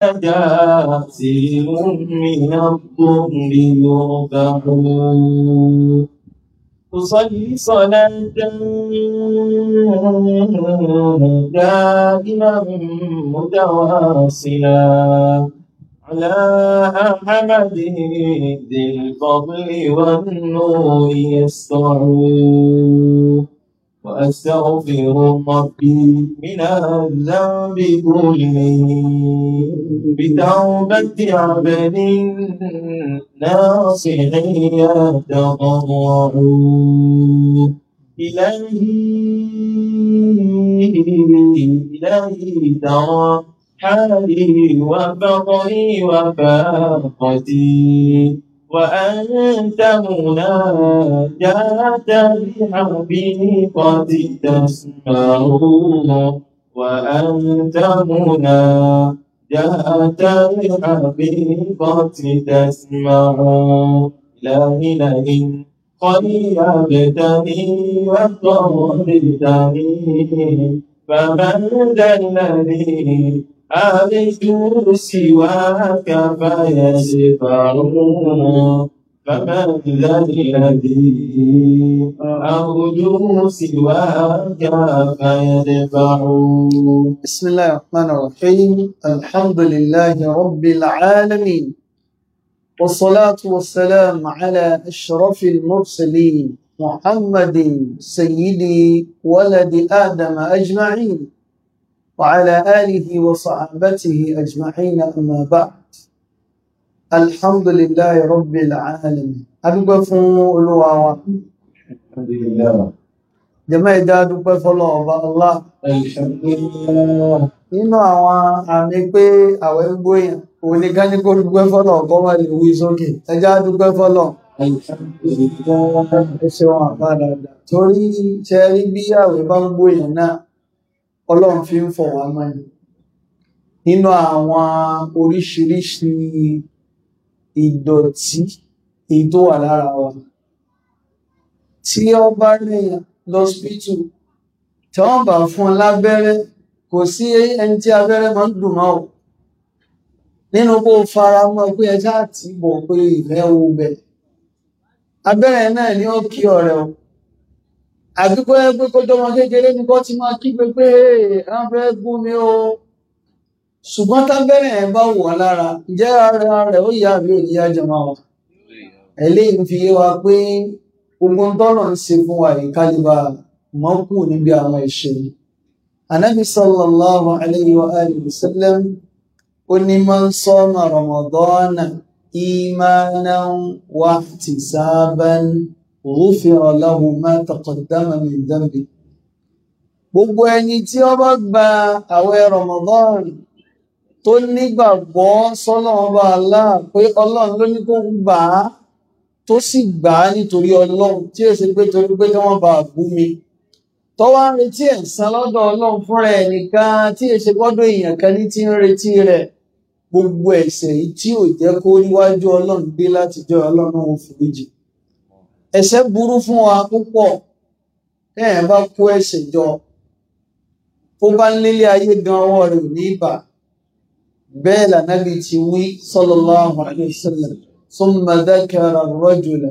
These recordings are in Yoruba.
كاسر من الظل يرفعون تصلي صلاة دائما متواصلا على أحمد ذي الفضل والنور يسطعون وأستغفر ربي من الذنب كله بتوبة عبد ناصح يتضرع إلهي إلهي ترى حالي وفقري وفاقتي وأنت مناجاة بحبي قد تسمعون وأنت مناجاة بحبي قد تسمعون لا إله قد يبتغي وقد فمن ذا الذي عرفوا سواك فيسفرون فمن ذا الذي أرجو سواك فيدفعون بسم الله الرحمن الرحيم الحمد لله رب العالمين والصلاة والسلام على أشرف المرسلين محمد سيدي ولد آدم أجمعين وعلى آله وصحابته أجمعين أما بعد الحمد لله رب العالمين adúpẹ́ fún olúwa wa jẹ́mọ́ ìdá dúpẹ́ fọ́lọ̀ ọba ọlá nínú àwọn àmì pé àwẹ̀ ń gbóyàn oníkáníkó dúpẹ́ fọ́lọ̀ ọkọ́ wà lè wí sókè ẹjá dúpẹ́ fọ́lọ̀ ẹ̀ṣẹ̀wọ̀n àbádàdà torí ṣe rí bí àwẹ̀ bá ń gbóyàn náà ọlọ́run fi ń fọ̀ wá mọ́ni nínú àwọn oríṣiríṣi ìdọ̀tí èyí tó wà lára wa tí wọ́n bá lẹ́yìn lọ́sípítù tí wọ́n bá fún lábẹ́rẹ́ kò sí ẹni tí abẹ́rẹ́ máa ń dùn mọ́ ò nínú kó fara mọ́ pé ẹjá àtìbọ̀ pé ìfẹ́ wo bẹ̀ abẹ́rẹ́ náà ni ó kí ọ̀rẹ́ o àbíkọ́ ẹ pé kọjọ́ wọn kékeré ní kọ́ ti máa kígbe pé wọ́n fẹ́ gún mi o ṣùgbọ́n tábẹ́rẹ̀ ẹ bá wọ̀ lára ǹjẹ́ ara rẹ̀ ó yá àbí òní yájọ máa wà eléyìí fi yé wa pé gbogbo tọ́lọ̀ ń ṣe fún wa yìí kálíbà mọ́kù níbi àwọn ìṣẹ̀lẹ̀ anabi sallallahu alayhi wa alihi wa sallam ó ní máa ń sọ́mà ramadana imanan wa ihtisaban. غفر له ما تقدم من ذنبه gbogbo ẹni tí ó bá gba àwẹ̀ Ramadan tó nígbàgbọ́ sọ́nà ọba Allah pé Ọlọ́run ló ní kó gbà á tó sì gbà á nítorí Ọlọ́run tí ó ṣe pé torí pé tí wọ́n bá bú mi tó wá ń retí ẹ̀san lọ́dọ̀ Ọlọ́run fúnra ẹ̀ nìkan tí ó ṣe gbọ́dọ̀ èèyàn kan ní ti ń retí rẹ̀ gbogbo ẹ̀ṣẹ̀ yìí tí ò jẹ́ kó níwájú Ọlọ́run gbé látijọ́ Ọlọ́run òfin méjì ẹ̀ṣẹ̀ burú fún wa púpọ̀ tẹ́yìn bá kó ẹ̀ṣẹ̀ jọ tó bá ń lélé ayé gan ọwọ́ rẹ̀ ò ní ìbà bẹ́ẹ̀ lànàbì ti wí sallallahu alayhi wa sallam thumma dhakara ar-rajula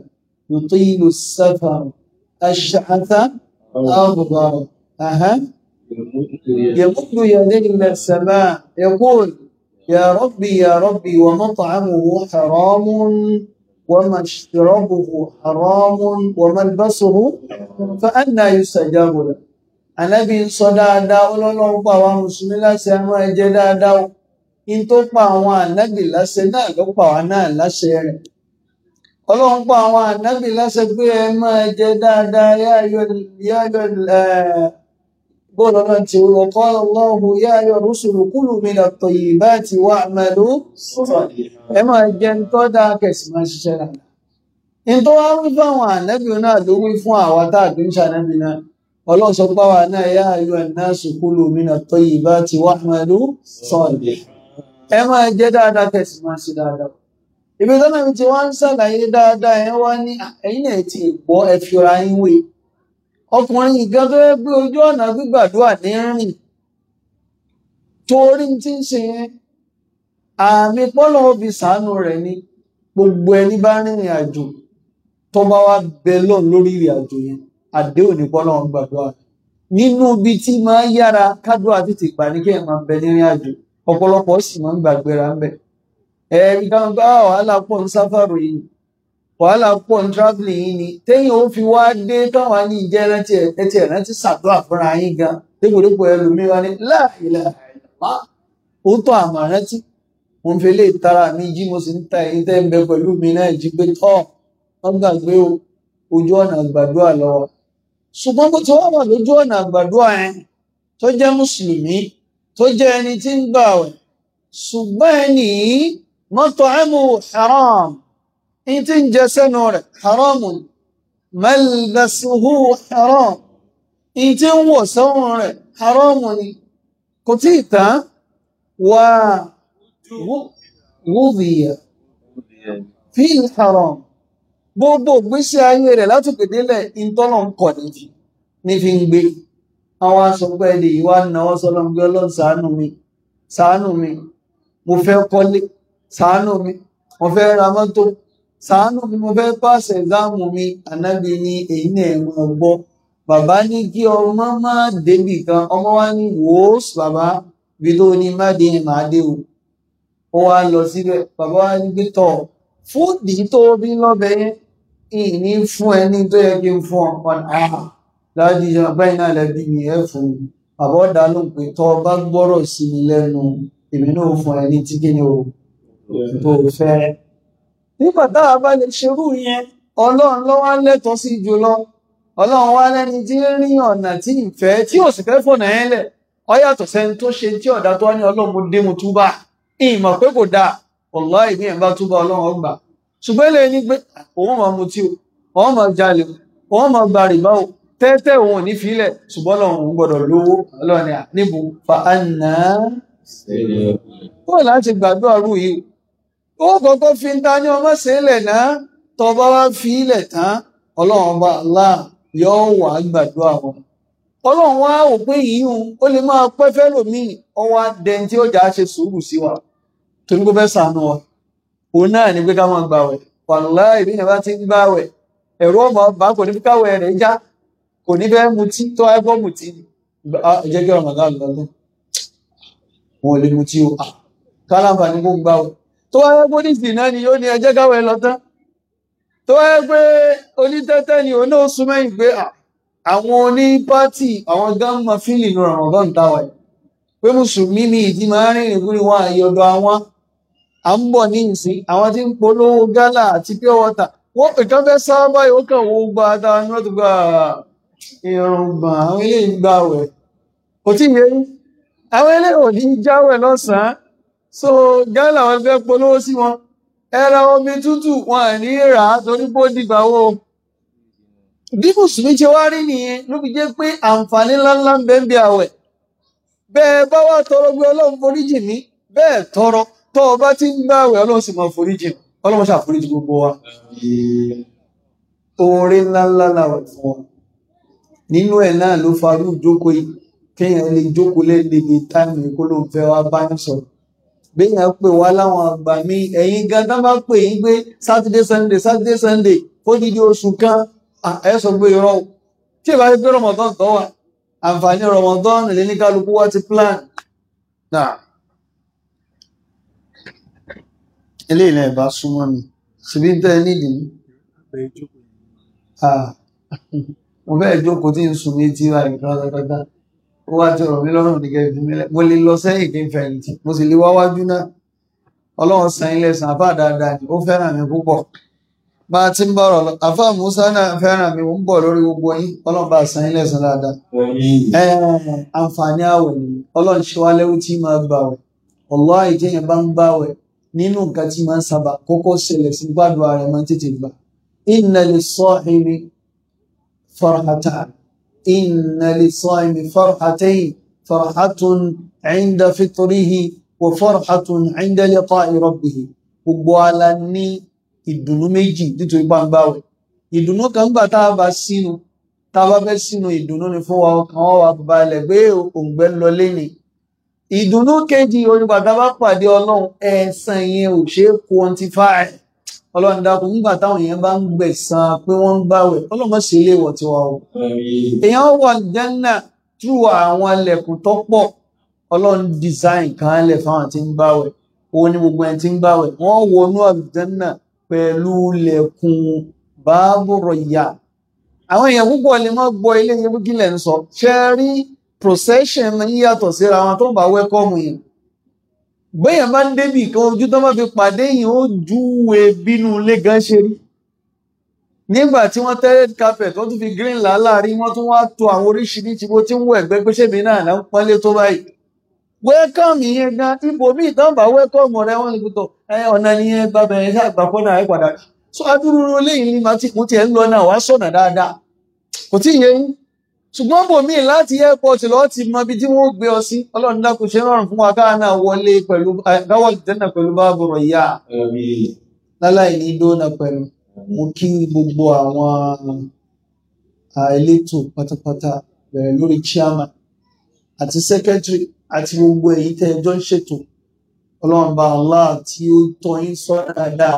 yutilu as-safara ash-sha'atha aghbara يمد يديه الى السماء يقول يا ربي يا ربي ومطعمه حرام ومشربه حرام وملبسه فأنا يستجاب له Ànábì sọ dáadáa ọlọ́lọ́run pa àwọn mùsùlùmí láṣẹ a máa jẹ dáadáa in tó pa àwọn ànábì láṣẹ náà ló pa àwọn náà láṣẹ rẹ̀. Ọlọ́run pa àwọn ànábì láṣẹ pé ẹ máa jẹ dáadáa yáyọ قال وقال الله يا أيها الرسل كلوا من الطيبات واعملوا صالحا اما جن تودا كسما ششرا ان تو ان فوا النبي نا لو وي فún àwa tá din sanabi na Ọlọ́run sọ pa wá na ya ayu annasu kulu min at-tayyibat wa amalu salih ẹ máa jẹ dáadáa tesi ma si dáadáa ibi tó na mi ti wá ń ṣàlàyé ti gbọ́ ẹ fi ọkùnrin nǹkan tó yẹ pé ojú ọ̀nà gbígbàdúrà ní rìn torí tí ń ṣe yẹn àmì pọ́lọ̀ fi sàánú rẹ̀ ni gbogbo ẹni bá rìnrìn àjò tó bá wá bẹ lórí ìrìn àjò yẹn àdéhùn ní pọ́lọ̀ gbàdúrà nínú ibi tí máa yára kádùá tètè ní kí ẹ máa bẹ nírìn àjò ọ̀pọ̀lọpọ̀ sì máa ń gbàgbéra ń ẹ̀ẹ́dì kan wàhálà pọ̀ ní traveling yìí ni téèyàn ó fi wá dé káwọn ní ìjẹ́ rántí ẹtì rántí ṣàdúrà fúnra yín gan dégbòdégbò ẹlòmíín wá ní láàyè ó tọ́ àmọ́ rántí mo ń fi lè tara mi jí mo sì ń ta ẹ̀yin tẹ́ ń bẹ pẹ̀lú mi náà jí pé tọ́ wọ́n gbàgbé ojú ọ̀nà àgbàdua lọ́wọ́ ṣùgbọ́n bó ti wá wà lójú ọ̀nà àgbàdua yẹn tó jẹ́ mùsùlùmí tó jẹ́ ẹni tí ń gbààwẹ̀ ṣùgbọ́n ẹni yìí mọ́tò ẹ̀mú haram in tí ń jẹ sẹ́nu rẹ̀ haramu malbasuhu haram in tí ń wọ̀ sẹ́wọ̀n rẹ̀ haramu ni kò tí ì tán wà wúdìyà fi haram gbogbo gbésí ayé rẹ̀ látòkèdélẹ̀ ìtọ́nà ń kọ̀ nífi nífi ń gbé àwọn asọ̀pẹ́ èdè yìí wá náwó sọlọ́ngbé ọlọ́run ṣàánú mi ṣàánú mi mo fẹ́ kọ́lé ṣàánú mi mo fẹ́ ra mọ́tò sàánú ni mo fẹ́ pàṣẹ exam mi ànábì ni èyí náà ẹ̀ bàbá ní kí ọmọ má débì kan ọmọ wa ní wòós bàbá bí tó ní má dé o ó lọ síbẹ̀ bàbá wa ní pé tọ fúdì tó bí yẹn ìní fún ẹ ní tó yẹ kí n fún ọ ah, láti ṣe ọgbẹ́ iná mi bá gbọrọ sí mi èmi náà fún ẹ ní nígbà táwa bá lè ṣerú yẹn ọlọ́run ló wá lẹ́tọ̀ọ́ sí jùlọ ọlọ́run wá lẹ́ni tí ń rí ọ̀nà tí ìfẹ́ tí ò sì fẹ́ fọ̀nà yẹn lẹ̀ ọ yàtọ̀ sẹ́ni tó ṣe tí ọ̀dà tó wá ní ọlọ́run mo dé mo túbà ìmọ̀ pé kò dáa ọ̀lá ìdí ẹ̀ bá túbà ọlọ́run ọgbà ṣùgbọ́n lè ní pé òun máa mutí o òun máa jalè o òun máa gba rìbá o tẹ́tẹ́ òun ò ní filẹ̀ ṣùgbọ́n lọ́run òun gbọ́dọ̀ lówó ọlọ́run níbo fa àná. bóyá láti gbàdúrà rú yìí ó kọ́kọ́ fi ń dání ọmọ lẹ na tó bá wá fi ilẹ̀ tán ọlọ́run ọba Allah yóò wà gbàdúrà wọn ọlọ́run wá òpin yìíhun ó lè máa pẹ́ lòmíì ṣe sùúrù sí wa torí kó fẹ́ sànú wa òun náà ni pé ká máa gbàwẹ̀ wàláhì bá ti ń ọmọ bá kò ní fi já kò ní mutí tó mutí kí ọmọ náà wọn ah, tó wáyé pé oníṣìí náà ni yóò ní ẹjẹ́ káwé lọ tán tó onítẹ́tẹ́ ni òun náà súnmọ́ yìí pé ah, àwọn oní pátì àwọn gánmọ fílì ní ọ̀rọ̀ ọ̀gọ́n táwa yìí pé mùsùlùmí ni ìdí pure water ìkan sábà kàn gba ni gba àwọn eléyìí gbà so gánà wọn fẹ́ polówó sí wọn ẹran omi tútù wọn à ní rà á torí pé ó dìgbà wo bí mùsùlùmí ṣe wá rí nìyẹn ló fi jẹ́ pé àǹfààní ńláńlá ń bẹ ń bí àwẹ̀ bẹ́ẹ̀ bá wà tọrọ bí ọlọ́run foríjì mí bẹ́ẹ̀ tọrọ tọ́ o bá ti ń bá àwẹ̀ ọlọ́run sì máa foríjì ọlọ́run ṣàforíjì gbogbo wa oore ńláńlá làwẹ̀ fún wọn nínú ẹ̀ náà ló farú ìjókòó yìí kéèyàn lè jókòó lẹ́ẹ̀lẹ́gbẹ̀ẹ́ táìmù kó ló bá ń sọ̀rọ̀ béèyàn pè wá láwọn àgbà mi ẹ̀yin gan tán bá pè yín pé sátidé sunday saturday sunday fódìdí oṣù kan ẹ sọ pé irọ́ tí ìbá yẹ pé rọmọdán tó wà àǹfààní rọmọdán lè ní kálukú wá ti plan náà ilé ilẹ̀ ìbá súnmọ́ mi síbí ń tẹ́ nídìí mo fẹ́ jókòó tí ń sùn ní tí wà nìkan lọ́dọ́dọ́. ó wá tẹ̀rọ mi lọ́rùn ní kẹfì mílẹ̀ mo lè lọ sẹ́yìn kí n fẹ̀yìntì mo sì lè wáwájú náà ọlọ́run san ilé san àfáà dáadáa ni ó mi bá a ti ń bọ̀rọ̀ lọ àfáà musa náà fẹ́ràn mi ń bọ̀ lórí gbogbo yín bá san ilé san dáadáa àǹfààní àwẹ̀ ni ọlọ́run ṣe wá tí máa bá ń nínú nǹkan tí máa ń sábà kókó إن للصائم فرحتين فرحة عند فطره وفرحة عند لقاء ربه gbogbo ala ní ìdùnnú méjì nítorí gbangba wẹ̀ ìdùnnú kan gbà tá a bá sínú tá a bá fẹ́ sínú ìdùnnú ni fún wa ọkàn wọn wà balẹ̀ pé òǹgbẹ lọ lẹ́nìí ìdùnnú kejì onígbàtà bá pàdé ọlọ́run ẹ̀san yẹn ò ṣeé quantify ọlọ́run dákun nígbà táwọn èèyàn bá ń gbẹ̀san pé wọ́n ń gbàwẹ̀ ọlọ́run sì lè wọ̀ tiwa o èèyàn wọ jẹ́nà tú àwọn ẹlẹ́kùn tó pọ̀ ọlọ́run design kan lẹ̀ fáwọn tí ń gbàwẹ̀ òun ni gbogbo ẹni tí ń gbàwẹ̀ wọ́n wọnú àlùjẹ́nà pẹ̀lú lẹ̀kùn báàbò rọ̀yà àwọn èèyàn púpọ̀ lè má gbọ́ ilé yẹn bí kílẹ̀ ń sọ ṣe procession yíyàtọ̀ síra wọn tó bá wẹ́kọ̀mù yìí bẹ́yàn máa ń débì kan ojú tó máa fi pàdé yìí ó júwe bínú ilé gan ṣe rí nígbà tí wọ́n tẹ́ red carpet wọ́n tún fi green là láàrin wọ́n tún wá to àwọn oríṣiríṣi bó ti ń wọ ẹ̀gbẹ́ pé ṣèmi náà là ń pọ́nlé tó báyìí wẹ́kọ̀mù yẹn gan ibò míì tán bá wẹ́kọ̀mù rẹ wọ́n lè tó ọ̀nà nìyẹn bàbá yẹn ṣáà gbà fọ́nà ẹ̀ padà so adúrú lẹ́yìn ni màá ti kún tiẹ̀ ń lọ náà wàá sọ̀nà dáadáa kò tí ì ṣùgbọ́n bò míì láti airport lọ ti mọ ibi tí wọ́n gbé ọ sí ọlọ́run dákun ṣe rọrùn fún wa káàna wọlé pẹ̀lú káwọ́ ìtẹ́nà pẹ̀lú bá bọ̀rọ̀ yá láláì ní dóná pẹ̀lú mo kí gbogbo àwọn elétò pátápátá bẹ̀rẹ̀ lórí chairman àti secretary àti gbogbo èyí tẹ́ ẹjọ́ ń ṣètò ọlọ́run bá Allah tí ó tọ́ yín sọ́nà dáadáa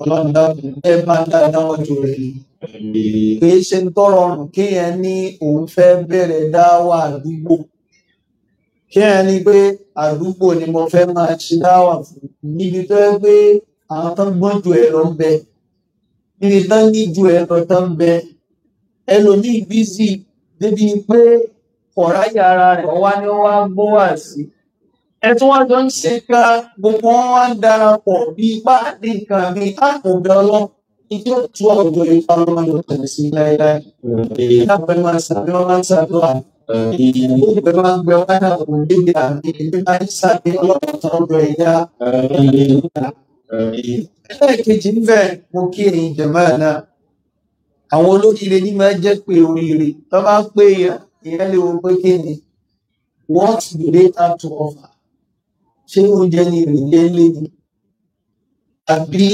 ọlọ́run dákun ẹ bá dáadáa ọjọ́ rẹ̀ ni kìí ṣe ń tọrọ ọrùn kéèyàn ní òun fẹ́ bẹ̀rẹ̀ dáwà àdúgbò kéèyàn ní pé àdúgbò ni mo fẹ́ máa ṣe dáwà fún níbi tó yẹ pé àwọn tó ń gbọ́n ju ẹ̀ lọ ń bẹ níbi tó ń ní ju lọ tó ń bẹ ẹlòmíì bízì débi pé kọ̀ráyà ara rẹ̀ wá ní wọ́n wá gbówà sí i ẹtún wá jọ ń ṣe ká gbogbo wọn wá ń darapọ̀ bí ipá àti nǹkan mi àkùnbẹ ọlọ́run ìdí òtú àwùjọ ipa ọlọ́run máa ń tẹ̀lé sí láéláé èyí lábẹ́ máa ń sàbí wọn máa ń sàdúrà èyí ìgbẹ́ máa ń gbẹ wáyà òun lébi àmì ìgbẹ́ máa ń sàbí ọlọ́run tó ń ìyá ẹlẹ́ẹ̀kejì ń bẹ̀ mo kí ẹ̀yin jẹ̀máà náà àwọn olóríire ní máa jẹ́ pé oríire tó bá pé èèyàn ìyá lè wo pé kí ni what do they have to offer ṣé oúnjẹ ni ìrìnlẹ̀ ilé ni àbí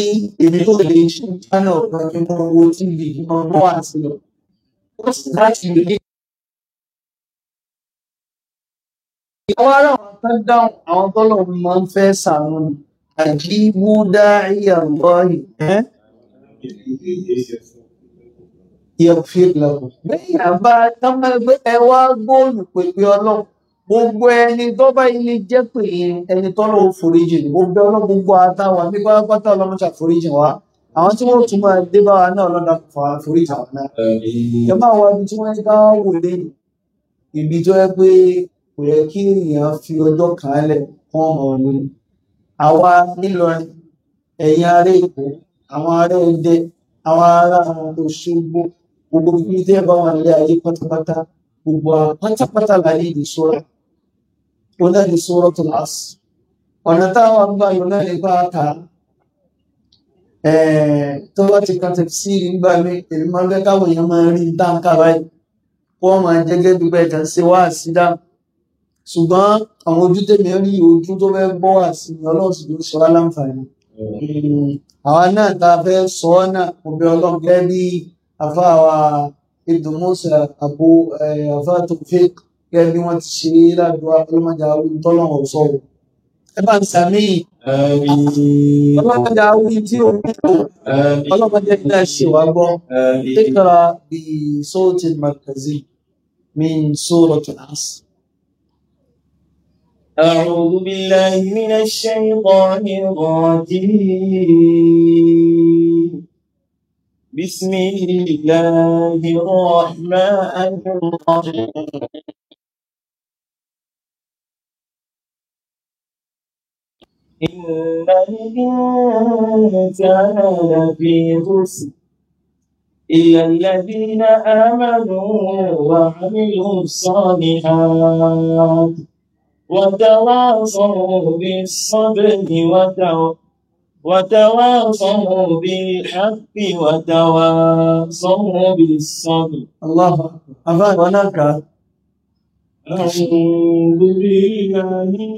èmi tó lè ṣe channel kan kí wọ́n wo tv kí wọ́n bọ́ àti lọ. ó sì láti lè ní. ìyàwó ara àwọn tó dáhùn àwọn tọ́lọ̀ máa ń fẹ́ sàánú ni àjí wúdá ìyá lọ́ọ̀yì. ìyàwó fi lọ. lẹ́yìn àbá tọ́mọ ẹgbẹ́ ẹ wá gbóòlù pẹ̀lú ọlọ́run gbogbo ẹni tó bá ilé jẹ́ pé ẹni tọ́lọ́ foríjì gbogbo ọlọ́ gbogbo àtàwọn àbí pátápátá ọlọ́mọṣà foríjì wa àwọn tí wọ́n tún máa dé bá wa náà lọ́dà foríjì àwọn náà ìjọba àwọn ibi tí wọ́n bá wò lé ibi tó yẹ pé kò yẹ kí èèyàn fi ọjọ́ kan lẹ̀ kọ́ ọ̀run àwa nílọrin ẹ̀yin ará èkó àwọn ará ẹdẹ àwọn ará Òṣogbo gbogbo ibi tí ẹ bá wà nílé ayé pátápátá gbogbo àpátápátá là ìdí sọ́ra òun náà ni Suratul Asr ọ̀nà táwọn gbà yóò náà ní bá ta tó bá ti kan tafsiri nígbà mi èmi máa ń fẹ́ káwọn èèyàn máa rí dáńkà báyìí kó wọ́n máa jẹ́gẹ́ bí bẹ́ẹ̀ tàn sí wá sí dá ṣùgbọ́n àwọn ojú tèmi rí ojú tó fẹ́ bọ́ wá sí ni ọlọ́run gẹ́gẹ́ bí wọ́n ti ṣe ládùúgbò ọlọ́mọdé àwọn ìtọ́nà ọ̀sọ́ o ẹ bá ń sàmì ọlọ́mọdé àwọn tí o kú ọlọ́mọdé kí ẹ ṣe wá gbọ́ kíkà bí sọ́ọ̀tì màkàzí min suratul As. أعوذ بالله من الشيطان الرجيم بسم الله الرحمن الرحيم إن الإنسان لفي خسر إلا الذين آمنوا وعملوا الصالحات وتواصوا بالصبر وتو... وتواصوا بالحق وتواصوا بالصبر الله أكبر هناك أعوذ بالله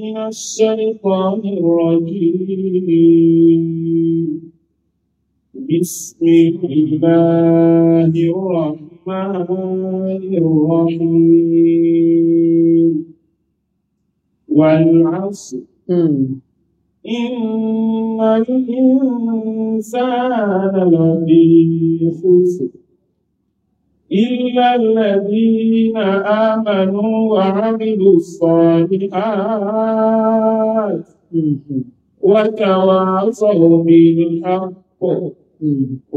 من الشيطان الرجيم بسم الله الرحمن الرحيم والعصر إن الإنسان لفي خسر إلا الذين آمنوا وعملوا الصالحات وتواصوا بالحق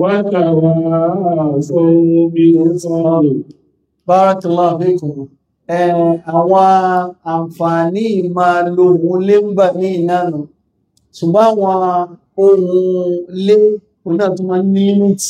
وتواصوا بالصبر بارك الله فيكم àwọn àǹfààní máa lo ohun lé ń bà ní ìnáànà ṣùgbọ́n àwọn ohun lé òun tó máa ní límìtì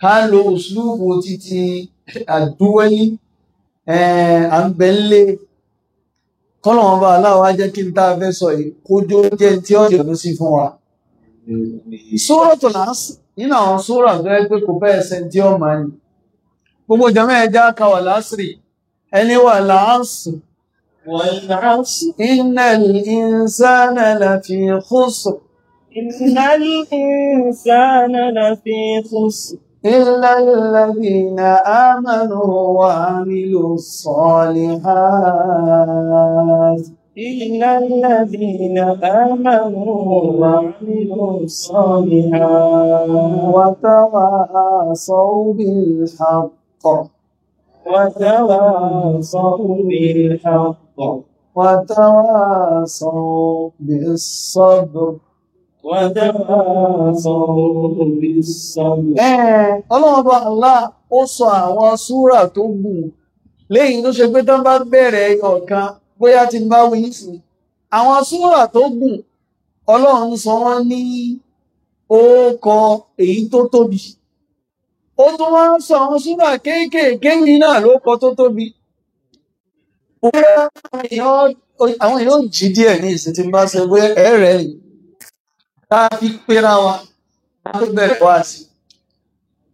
ká lo òṣùlùbù títí àdúwẹ́lì à ń bẹ ńlé kọ́lọ̀wọ́n bá aláwọ̀ á jẹ́ kí n tá a fẹ́ sọ yìí kójó jẹ́ tí ó jẹ̀lú sí fún wa. Suratul Asr nínú àwọn sóòrò tó kò bẹ́ẹ̀ إلا الذين آمنوا وعملوا الصالحات إلا الذين آمنوا وعملوا الصالحات وتواصوا بالحق وتواصوا بالحق وتواصوا بالصبر Ọlọ́run bá Allah ó sọ àwọn súrà tó gùn lẹ́yìn tó ṣe pé tán bá bẹ̀rẹ̀ ọ̀kan bóyá ti bá wí sí. Àwọn súrà tó gùn Ọlọ́run sọ wọ́n ní ókọ èyí tó tóbi. Ó tún wá sọ àwọn súrà kéékèèké yìí náà lókọ tó tóbi. Àwọn èèyàn jí díẹ̀ ní ìsìn tí bá ṣe pé ẹ̀rẹ̀ yìí tá a fi pera wa tó bẹ̀rẹ̀ wá sí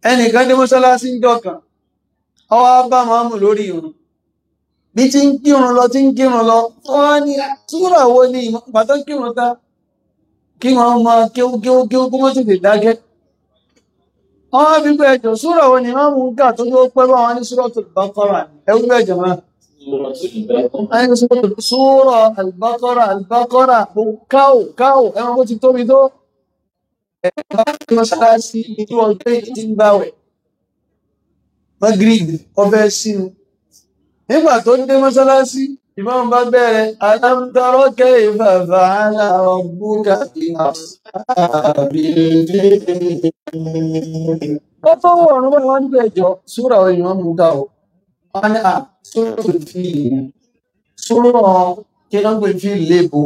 ẹnìkan dé mọ́ṣáláṣí ń dọ̀kan ọwọ́ bá màmú lórí irun bí ti ń kírun lọ ti ń kírun lọ wọ́n ní ah, súrà wo ni ìgbà tó ń kírun ta kí wọ́n mọ kéwú kéwú kéwú kó mọ́ tètè dákẹ́ wọ́n bí pé ẹjọ́ súrà wo ni wọ́n mú ń kà tó yóò pẹ́ bá wọn ní súrà tó bá kọ́ra ẹ̀rú bẹ́ẹ̀ jọ̀mọ́ Súrọ̀ àlùbákọ́rà àlùbákọ́rà káò káò ẹran bó ti tóbi tó. Ẹ̀ka mọ́ṣáláṣí ìlú ọjọ́ ìdí ń bá wẹ̀. Magrib ọbẹ̀ sínú. Nígbà tó dé mọ́ṣáláṣí, ìmọ̀ bá bẹ̀rẹ̀ alámúdárọ́ kẹ́yìn bàbá aláwọ̀gbúgà Ó tó wọ̀rùn bá wọn nígbà ẹjọ́, súrà ọ̀yàn mú ká o. Wọ́n sọ̀rọ̀ tó fi sọ̀rọ̀ kí ló ń pè fi lébo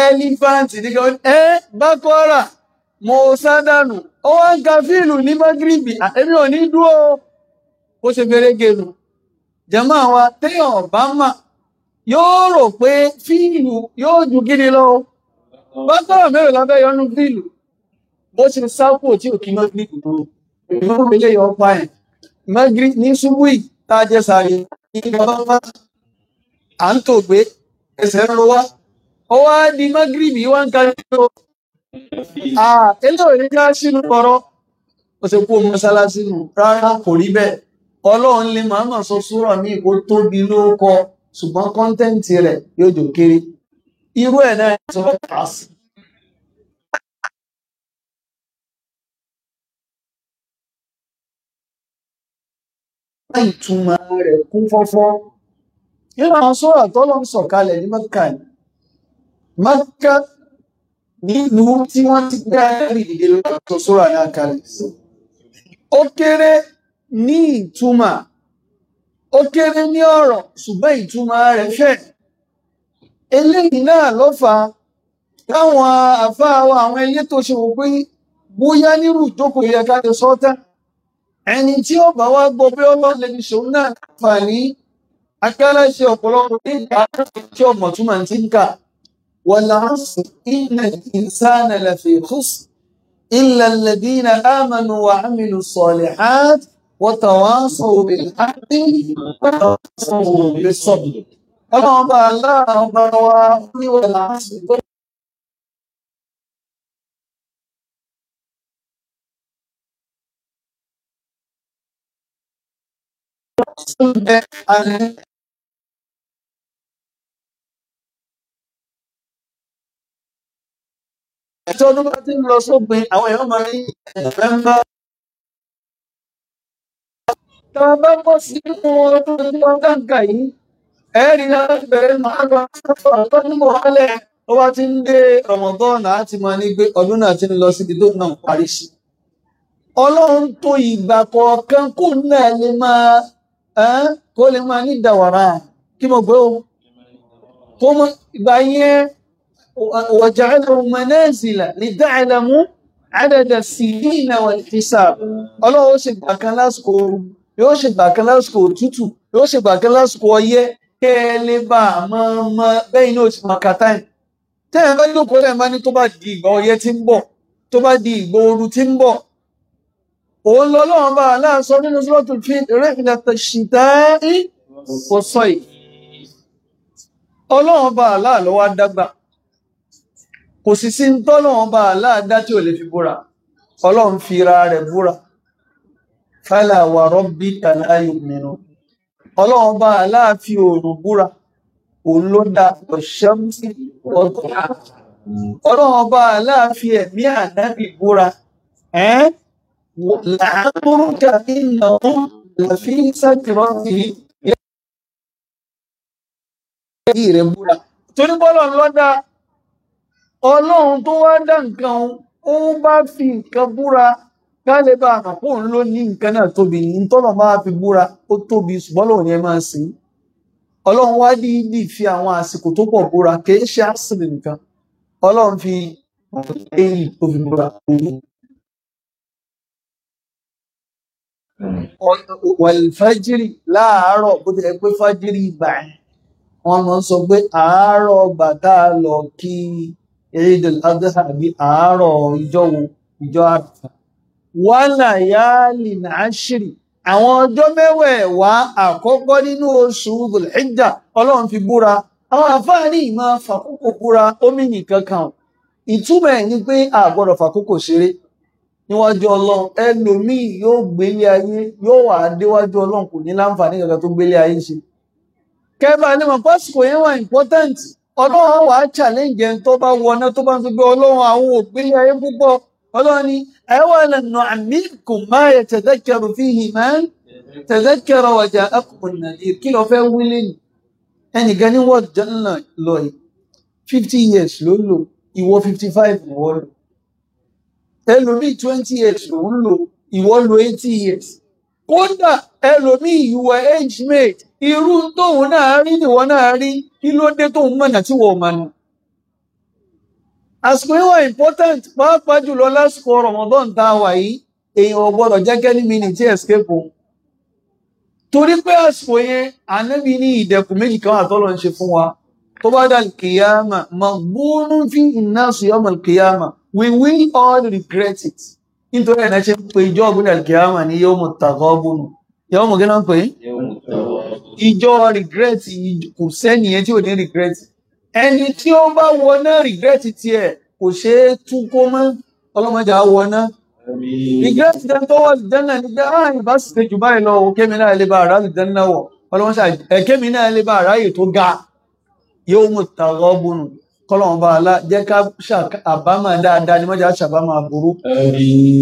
ẹlífáǹtì ní kan ẹ bákọ́rà mo sádànù ó wá ń ka fíìlù ní magribi èmi ò ní dúró ó ṣe fẹ́rẹ́gẹ́ nu jẹ́mọ́ àwa téèyàn ọ̀bá mà yóò rò pé fíìlù yóò ju gidi lọ bákọ́rà mélòó la fẹ́ yọnu fíìlù bó ṣe sápò tí ò kí magribi dúró ìmọ̀ mi lè yọ ọpa ẹ̀ magribi ní ṣubú tá a jẹ sàárì ní bàbá wa à ń tò gbé ẹsẹ̀ ń ro ó wá di magribi wá ń kárí o eléyìí ní já sínú kọ̀rọ̀ ó ṣe kú mọ́ṣáláṣí nù rárá kò rí bẹ́ẹ̀ ọlọ́run lè máa mà sọ súrà ní ìkó tóbi ló kọ ṣùgbọ́n kọ́ńtẹ́ǹtì rẹ̀ yóò jò kéré irú ẹ̀ náà sọ fẹ́ kà ìtumọ̀ rẹ̀ kún fọ́fọ́ nínú àwọn sọ́rọ̀ àtọ́lọ́ ń sọ̀kalẹ̀ ní Mẹ́kà ní Mẹ́kà nílùú tí wọ́n ti gbé ẹ̀rí ìdílé lọ́tọ̀ sọ́rọ̀ náà kalẹ̀ ó kéré ní ìtumọ̀ ó kéré ní ọ̀rọ̀ ṣùgbọ́n ìtumọ̀ rẹ̀ fẹ̀ eléyìí náà ló fà á táwọn àfáà àwọn elétò ṣe wò pé bóyá nírú ìjókòó yẹ ká lè sọ ẹni tí ó bá wá gbọ́ bí ọlọ́run lè ní ṣòun náà fàní akẹ́lẹ́ ṣe ọ̀pọ̀lọpọ̀ nígbà tí ọmọ túmọ̀ ti ń kà wọ́n láàṣì inna al-insana lafi khusr illa alladhina amanu wa amilu salihat wa tawasaw bil haqqi wa tawasaw bis sabr ọlọ́run bá aláàbá wa níwọ̀n láàṣì Sunday and ẹjọ́ ló bá ti ń lọ sópin àwọn èèyàn máa ní nọ́fẹ̀mbà. tá a bá bọ́ sínú ọdún tí wọ́n kàǹkà yìí ẹ̀rí náà bẹ̀rẹ̀ máa lọ sọ́fà tó ní mọ̀hálẹ̀ ó wá ti ń dé rọmọgọ́ọ̀nà á ti máa ní gbé ọdún náà ti ń lọ síbi tó náà parí sí. ọlọ́run tó ìgbà kọ̀ọ̀kan kù náà lè máa kó lè máa ní ìdàwàrà kí mo gbé o kó mọ́ ìgbà yẹn waja'alahum manazila li ta'lamu adada sinina wal hisab ọlọ́run ó ṣe gbà kan lásìkò ooru yóò ṣe gbà kan lásìkò òtútù yóò ṣe gbà kan lásìkò ọyẹ́ kẹ́ ẹ lè bá a mọ ọmọ bẹ́ẹ̀ ní oṣù òun lọ́lọ́run bá aláàsọ nínú suratul fi rihlat ash-shita'i was-sayf ọlọ́run bá aláà ló wá dágbà kò sì sí ń tọ́lọ́run bá aláà dá tí ò lè fi búra ọlọ́run fi ra rẹ̀ búra fala wa rabbika la yu'minun ọlọ́run bá aláà fi òòrùn búra òun ló dá ọ̀ṣẹ́mùsí لعمرك إنهم لفي سكرته rẹ̀ ń búra torí bọ́lọ̀ lọ́dà ọlọ́run tó wá dá nǹkan ó bá fi nǹkan búra ká lè bá àpò òun ló ní nǹkan náà tóbi ní tọ́lọ̀ máa fi búra ó tóbi ṣùgbọ́n lòun yẹn máa sìn ọlọ́run wá dídì fi àwọn àsìkò tó pọ̀ búra kì í ṣe àṣìlè nìkan ọlọ́run fi èyí tó fi búra òun wàlfájírì láàárọ̀ bó tilẹ̀ pé fájírì ìgbà wọn máa ń sọ pé àárọ̀ ọgbà tá a lọ kí erédèlè adéhà àbí àárọ̀ ìjọ wo ìjọ àràfà wàhálà yáàlì nàáṣírì àwọn ọjọ́ mẹ́wẹ̀ẹ̀wá àkọ́kọ́ nínú oṣù dhul ọlọ́run fi búra àwọn àfáàní ìmọ̀ fàkókò búra omi nìkan kan ìtumọ̀ ẹ̀ ni pé a fàkókò ṣeré níwájú ọlọ́run ẹlòmíì yóò gbélé ayé yóò wà déwájú ọlọ́run kò ní láǹfààní kankan tó gbélé ayé ṣe kẹfà ni mọ̀ pásìkò yẹn wà important ọlọ́run wà á challenge ẹni tó bá wọná tó bá ń gbé ọlọ́run àwọn ògbélé ayé púpọ̀ ọlọ́run ni ẹwà lẹ́nu àmì kò má yẹ tadhakkaru fihi man tadhakkara wa ja'akumun nadhir kí lọ fẹ́ wílé ni ẹnìkan ní wọ́ọ̀dù jẹ́ ńlá lọ yìí years ló lò ìwọ fifty ni wọ́n lò ẹlòmíì twenty years lòún lò ìwọ lo eighty years kódà ẹlòmíì you were age mate irú tóun náà rí nìwọ náà rí kí ló dé tóun mọ̀nà tí wọ́n mọ̀nà. àsìkò yìí wà important pàápàá jùlọ lásìkò Ramadan tá a wà yìí èèyàn ò gbọ́dọ̀ jẹ́ kẹ́ni mi ní tí escape o torí pé àsìkò yẹn ànábì ní ìdẹ̀kùn méjì kan àtọ́lọ́ ń ṣe fún wa tó bá dà kìyàmà magbunun fi nnas yawm al We will all regret it nítorí ẹ̀ náà ṣe ń pe ìjọ ọ̀gbìn alkiyama ní yóò mú tàkọ́ bùnú yóò mú kí náà pè é ìjọ regret kò sẹ́ni yẹn tí ò ní regret ẹni tí ó bá wọná regret tiẹ̀ kò ṣe é tú kó mọ́ ọlọ́mọdé á regret dẹ́n tó wọ́n dẹ́nà ní pé ah ìbá sì ṣe jù báyìí lọ o kémi náà lè bá ara lè dẹ́nà wọ̀ ọlọ́mọdé kémi náà lè bá ara yìí tó ga yóò mú tàkọ́ bùnú kọlọ́wọ́n bá alá jẹ́ ká àbámà dáadáa ni mọ́jà ṣàbámà burú.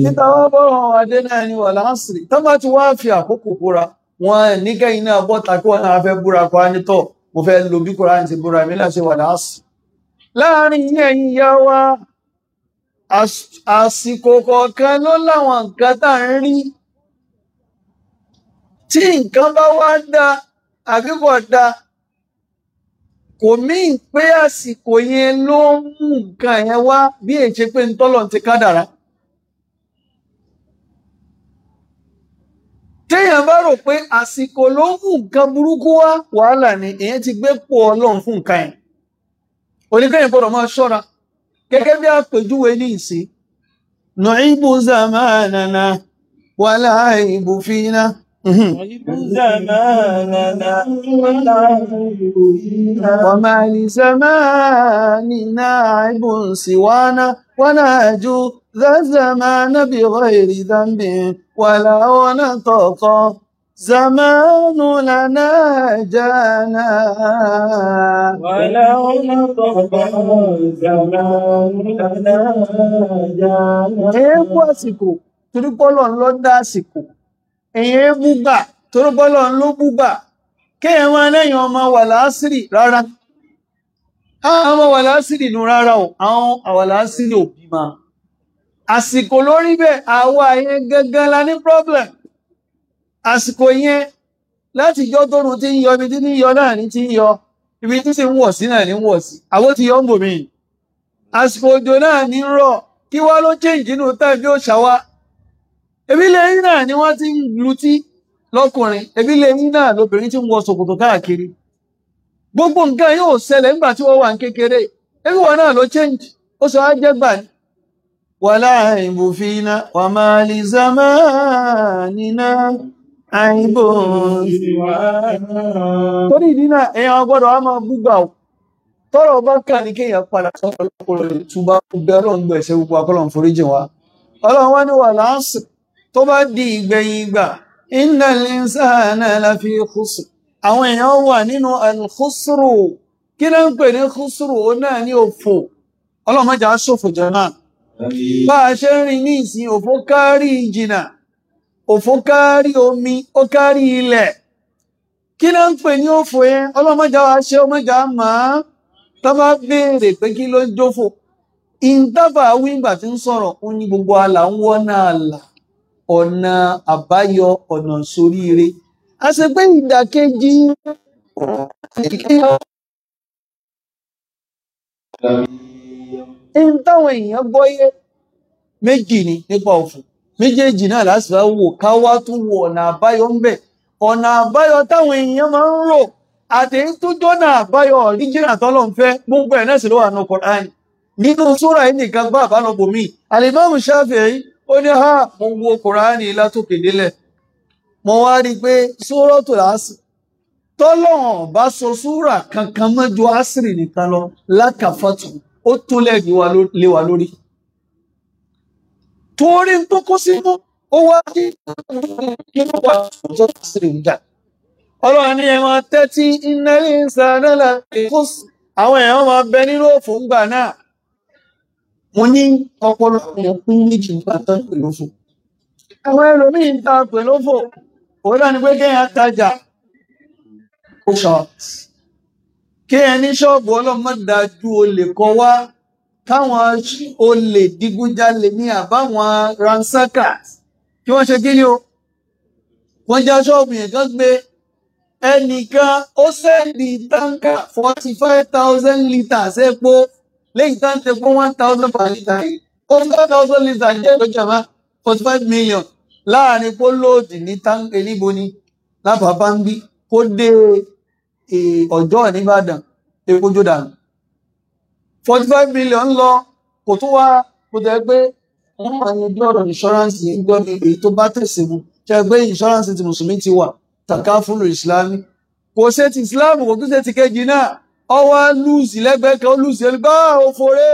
níta wọ́n bọ́ wọn adé náà ni wà láǹsìrì tó bá ti wá fi àkókò búra wọn níkẹyìn náà bọ́ takí wọn náà fẹ́ búra kọ́ anítọ̀ mo fẹ́ lo bí kúrò àti búra mi láti wà láǹsìrì. láàrin yín ẹ̀yin yá wa àsìkò kọ̀ọ̀kan ló láwọn nǹkan tá à ń rí tí nǹkan bá wá dá àbí kò kò míì pé àsìkò yẹn ló ń mú nǹkan yẹn wá bí èyí ṣe pé ntọ́lọ̀ ti kádàrá. téèyàn bá rò pé àsìkò ló ń mú nǹkan burúkú wá wàhálà ni èyàn ti gbé pò ọlọ́run fún nǹkan yẹn oníkẹ́yìn gbọ́dọ̀ máa ṣọ́ra gẹ́gẹ́ bí àpèjúwe ní ìsìn nùíbù zamanana wàlá ìbùfínà. طيب زماننا وما لزماننا عيب سوانا وناجو ذا الزمان بغير ذنب ولا ونطق زمان لنا جانا ولا ونطق زمان لنا جانا. إيه kú àsìkò torí pọ́lọ́ èyàn búgbà torí bọ́lọ̀ ló búgbà kéèyàn máa lẹ́yìn ọmọ wà láásìrì rárá àwọn ọmọ wà láásìrì nù rárá o àwọn àwàláásìrì ò bímọ àsìkò lórí bẹ́ẹ̀ àwa yẹn gangan la ní problem àsìkò yẹn láti yọ tóorùn tí ń yọ ibi tí ń yọ náà ní ti ń yọ ibi tí sì ń wọ̀ sí náà ní wọ̀ sí àwọn ti yọ ń bòmí àsìkò òjò náà ní rọ̀ kí wá ló change nínú táìmì ó ṣàwá ebi lẹ́yìn náà ni wọ́n ti ń lutí Ebile ebi lẹ́yìn náà lóbìnrin ti ń wọ ṣòkòtò káàkiri gbogbo nǹkan yóò ṣẹlẹ̀ nígbà tí wọ́n wà ní kékeré ebi wọn náà ló change ó sọ ajẹ́ gbà ní. wàlá àìbò wà máa lè zàmà níná àìbò torí ìdí náà èèyàn máa o bá kà ní kéèyàn padà ń gbogbo wa tó bá di ìgbẹ̀yìn ìgbà innal insana lafi khusr àwọn èèyàn wà nínú alkhusru kí ló ń pè ní khusru ó náà ní òfò ọlọ́mọjà ṣòfò jẹ́nà bá a ṣe ń rìn ní ìsìn òfò kárí ìjìnà òfò kárí omi ó kárí ilẹ̀ kí ló ń pè ní òfò yẹn ọlọ́mọjà wa ṣe ọmọjà máa tó bá béèrè pé kí ló ń jófò ìdábàá wíńgbà tí ń sọ̀rọ̀ ó ní gbogbo àlà ń wọ́n náà là ọ̀nà àbáyọ ọ̀nà sóríire a ṣe pé ìdàkejì ń táwọn èèyàn gbọ́yé méjì ni nípa òfin méjèèjì náà lásìkò wò ká wá tún wo ọ̀nà àbáyọ ń bẹ̀ ọ̀nà àbáyọ táwọn èèyàn máa ń rò àti tó jọ́nà àbáyọ ọ̀ríjìnà tọ́lọ̀ ń fẹ́ gbogbo ẹ̀ náà sì ló wà ní nínú súrà yìí nìkan gbá àbálòpọ̀ míì Al-Imam Shafi'i ó ní ha mo wo kùránì látòkè délẹ̀ mo wá rí i pé sórọ́tò láàsì tọ́lọ́hàn bá sọ súrà kankan mọ́jú àsìrì nìkan lọ lákàfọ́tù ó tún lẹ́ẹ̀dì lé wa lórí torí tó kó sínú ó wá kí nínú wa ọjọ́ àsìrì ń jà ọlọ́run ní ẹ máa tẹ́tí iná ní sàánà láti kó àwọn èèyàn máa bẹ nínú òfò ńgbà náà mo ní ọpọlọ àwọn pín méjì nígbà tó ń pè lófò àwọn ẹlòmíì ń ta pè lófò òun náà ni pé kéèyàn tajà ó sọ kéèyàn ní ṣọ́ọ̀bù ọlọ́mọdájú olè kọ wá káwọn olè digunjalè ní àbáwọn ransacker kí wọ́n ṣe kí o wọ́n já ṣọ́ọ̀bù yẹn kan gbé ẹnìkan ó sẹ́ẹ̀dì táǹkà forty five thousand litres epo. Eh, lẹ́yìn tó ń 1,000 fún one thousand per litre yìí over thousand litre jẹ́ ìlọ́jà má forty million láàrin kó lóòdì ní táǹkì níbo ni lábàbá ń bí kó dé e, ọjọ́ nìbàdàn epo jó dànù forty five million lọ kò tó wá kó tẹ pé wọ́n máa yanjú ọ̀rọ̀ insurance yìí gbọ́ ni èyí tó bá tẹ̀sí mu ṣe pé insurance ti mùsùlùmí ti wà tàkà fúlù ìsìlámì kò ṣe ti ìsìlámù kò tún ṣe ti kejì náà ọwọ́ lùsì lẹ́gbẹ̀ẹ́ kan lùsì ẹni bá òfòrè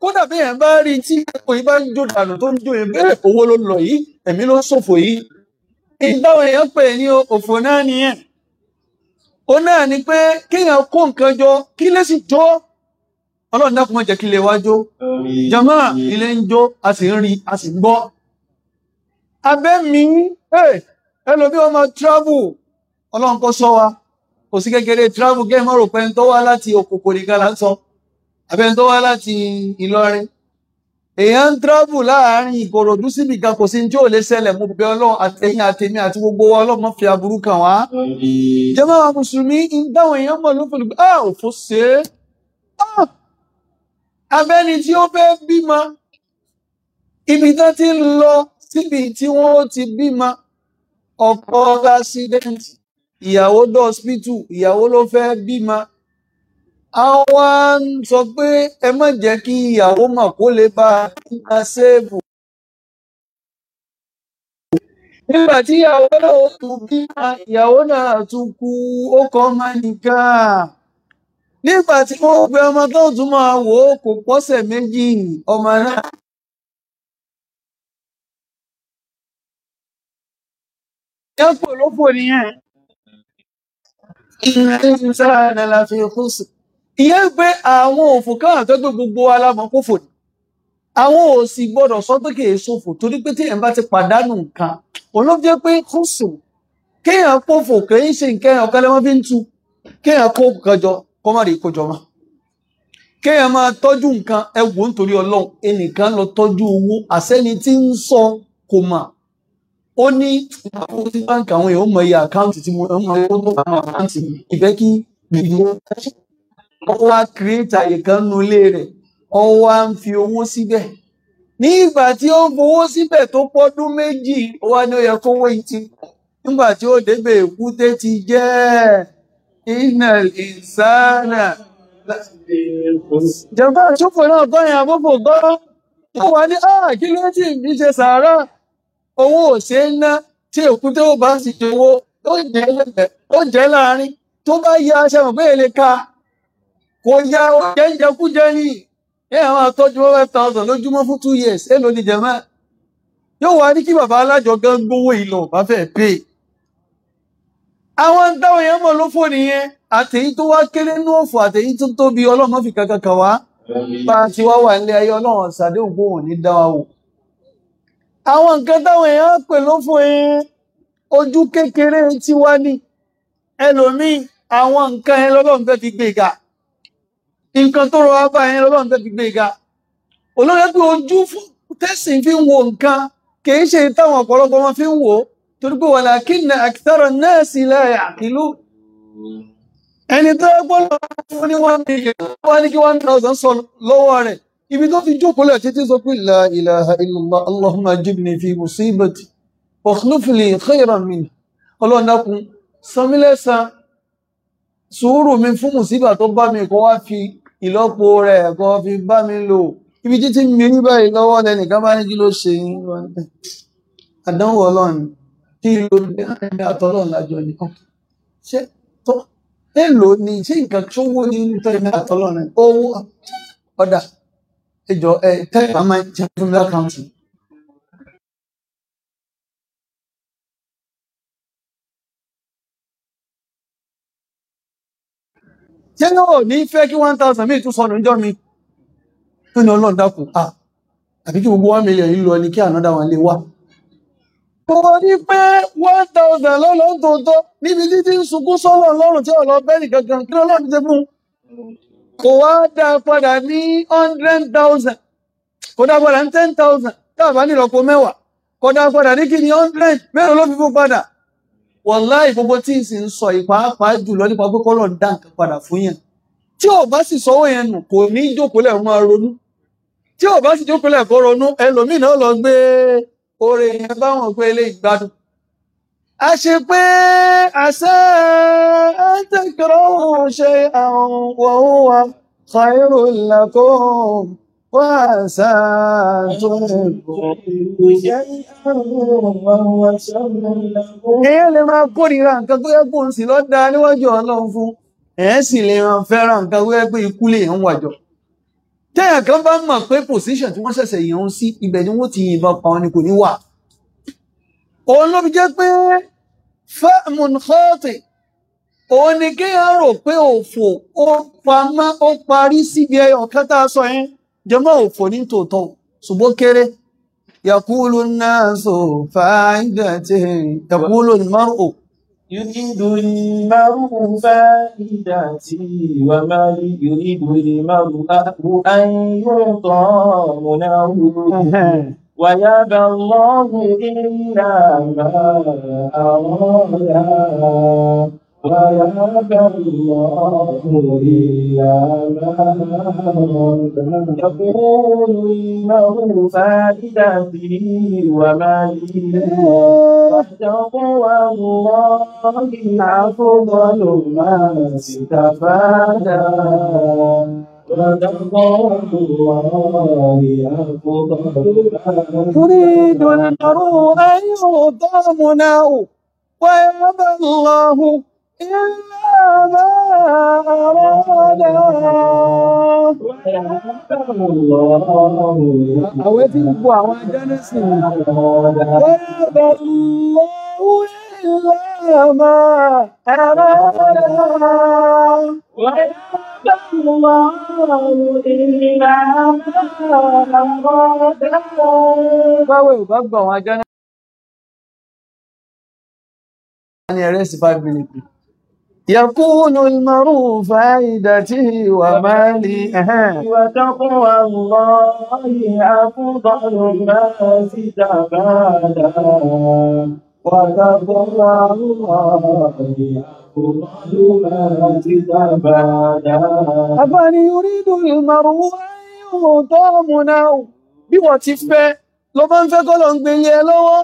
kódà bí èèyàn bá rí tí ẹ̀kọ́ yìí bá ń jó dànù tó ń jó yẹn bẹ́ẹ̀ owó ló lọ yìí ẹ̀mí ló ṣòfò yìí ìbáwọn èèyàn pè ní òfò náà nìyẹn ó náà ni pé kéèyàn kó nǹkan jọ kí lè sì jó ọlọ́run dákun má jẹ́ kí ilé wa jó jama ilé ń jó a sì ń rí a sì ń gbọ́ abẹ́ mi ẹlòmí ọmọ travel ọlọ́run kó ṣọ́ wa kò sí kékeré travel gẹ́ mọ́ rò pé ẹni tó wá láti òkòkò nìkan là ń sọ àbẹ́ ẹni tó wá láti Ìlọrin èèyàn ń travel láàárín Ìkòròdú síbi kan kò sí ní tí ò lè ṣẹlẹ̀ mo bẹ̀ Ọlọ́run àtẹ̀yìn àtẹ̀mí àti gbogbo wa Ọlọ́run má fi aburú kàn wá. jẹ́mọ́ àwọn mùsùlùmí ń dáwọn èèyàn mọ̀ ló fòlùgbé ah òfò ṣe é ah! abẹ́ni tí ó fẹ́ bímọ ibi tán ti ń lọ síbi tí wọ́n ti bímọ ọ̀pọ̀ accident ìyàwó dọ́spítù ìyàwó ló fẹ́ bímọ àwa ń sọ pé ẹ má jẹ́ kí ìyàwó mà kó lè bá a ṣéèbù. nígbà tí ìyàwó náà tún bímọ ìyàwó náà tún kú ó kọ́ ọmọ nìkan. nígbà tí wọ́n gbé ọmọ tó tún máa wò ó kò ìrìnàjẹ́sán láfi kúsù ìyẹn pé àwọn òfò káà tó gbé gbogbo alámọ̀ kó fò ní àwọn ò sì gbọ́dọ̀ sọ pé kìí ṣòfò torí pé tí èèyàn bá ti pàdánù nǹkan olóòjẹ́ pé kúsù kéèyàn pòfò kìí ṣe nǹkan ẹ̀yàn ọ̀kẹ́lẹ́ wọn fi ń tu kéèyàn kó kọjọ kó ó ní àkókò tí báńkì àwọn èèyàn mọ iye àkáǹtì tí mo ń mọ owó tó bá wọn àkáǹtì ìfẹ́ kí gbìyànjú ọwọ́ wa kírètì àyè kan nu ilé rẹ̀ ọwọ́ wa ń fi owó síbẹ̀ ní ìgbà tí ó ń fowó síbẹ̀ tó pọ́dún méjì ó wá ní ó yẹ kówó yìí ti nígbà tí ó débẹ̀ èkúté ti jẹ́ inal insana jọba àṣùfò náà gọ́yìn àbúfò gọ́ ó wà ní ah, kí ló ti ń fi ṣe sàárà owó ò ṣeé ná tí èkúté ò bá sì jowó ó jẹ́ lẹ́gbẹ̀ẹ́ ó jẹ́ láàrin tó bá yá aṣọ mọ̀ bẹ́ẹ̀ ka kò yá oúnjẹ ń jẹkújẹ ní ẹ̀ àwọn àtọ́jú five thousand lójúmọ́ fún two years èlò ni jẹ̀mọ́ yóò wá ní kí bàbá alájọ gan gbowó ìlò bá fẹ́ pè é àwọn ń dáwọn èèyàn mọ̀ ló fò nìyẹn àtẹ̀yí tó wá kéré ní òfò àtẹ̀yí tó tóbi ọlọ́run fi kankan kà wá bá a ti wá wà nílé ayé ọlọ́run ṣàdéhùn kó wọn ní dá àwọn nǹkan táwọn èèyàn pè ló fún yín ojú kékeré tí wá ní ẹlòmíì àwọn nǹkan yẹn lọ́lọ́run fẹ́ fi gbé ga nǹkan tó rọra bá yẹn lọ́lọ́run fẹ́ fi gbé ga olóyè pé ojú tẹ̀sìn fi ń wo nǹkan kìí ṣe táwọn ọ̀pọ̀lọpọ̀ wọn fi ń wò ó torí pé walakinna akthara an-nasi la ya'qilun ẹni tó ẹgbọ́n lọ́wọ́ ní one ní kí one thousand sọ lọ́wọ́ rẹ̀ ibi tó fi jókòó lẹ̀ títí sọ pé la ilaha illallah allahumma jibni fi musibati wakhlufli khayran min ọlọ́run dákun sanmílẹ́sàn sùúrù mi fún mùsíbà tó bá mi kó wá fi ìlọ́po rẹ̀ kó fi bá mi lò ibi títí mi rí báyìí lọ́wọ́ ẹnìkan bá ní kí ló ṣe yín àdánwò ọlọ́run kí ló dé ẹni àtọ́lọ́run lájọ nìkan ṣé tó èlò ni ṣé nǹkan tó wó ní nítorí àtọ́lọ́run owó ọ̀dà ẹjọ ẹ tẹ́lẹ̀ bá máa ń jẹ fún mi lákàntì. ṣé yóò ní fẹ́ kí one thousand míì tún sọnù níjọ́ mi tó ní ọlọ́run dákun à àbí kí gbogbo one million yìí lọ ni kí another one lè wá. mo ní pé one thousand lọ́lọ́ ń tòótọ́ níbi títí ń sunkún sọ́lọ́ ọlọ́run tí ọ̀lọ́ bẹ́ẹ̀ nìkan kan kí lọ́lọ́run ti fún un kò wá dá padà ní hundred thousand kò dá padà ní ten thousand táàbá nílọ́po mẹ́wàá kò dá padà ní kí hundred mẹ́rin ló fi fún padà wàláì gbogbo tí ì sì ń sọ ìpàápàá jùlọ nípa pé kọ́lọ̀ ń dá nǹkan padà fún yẹn tí ò bá sì sọ́wọ́ yẹn nù kò ní jókòólẹ̀ máa ronú tí ò bá sì jókòólẹ̀ kó ronú ẹlòmíì lọ gbé oore yẹn báwọn pé eléyìí gbádùn àṣepé àṣẹ àtẹkẹrọhùn ṣe àwọn wọhúwa fàírò lẹkọ wà àṣà tó èyí lè lọ́dá níwájú ọlọ́run fún ẹ̀yẹ́ sì lè máa fẹ́ràn nǹkan tó yẹ ikú lè ń wàjọ tẹ́yàn kan bá mọ̀ pé position tí wọ́n ṣẹ̀ṣẹ̀ yàn sí ibẹ̀ ni wọ́n ti yìnbọn pa wọn ni kò ní wà òun ló fi jẹ́ pé fẹ́ẹ̀mùn kọ́ọ̀tì òun ni kéèyàn rò pé òfò ó pamọ́ ó parí síbi ẹyọ kẹta sọ yẹn jẹmọ́ òfò ní tòótọ́ ṣùgbọ́n kéré yakulu nnasu fa'idati yakulu almar'u yuridu almar'u fa'idati wa ma yuridu almar'u an yuta munahu ويبى الله إلا ما أرادا ويبى الله إلا ما أرادا يقول إنه فائدتي ومالي وتقوى الله أفضل ما استفادا تريد المرء أن يضمنه ويأبى الله إلا ما أرادا أو يتبع وجنسه ويأبى الله إلا ما أرانا ويأبى الله يكون المرء فائدته وتقوى الله أفضل ما استفاد وتضرعا أفن يريد المرء أن يؤتى منعه bí wọ́n ti fẹ́ ló bá ń fẹ́ kọ́ lọ ń gbé ilé ẹ lọ́wọ́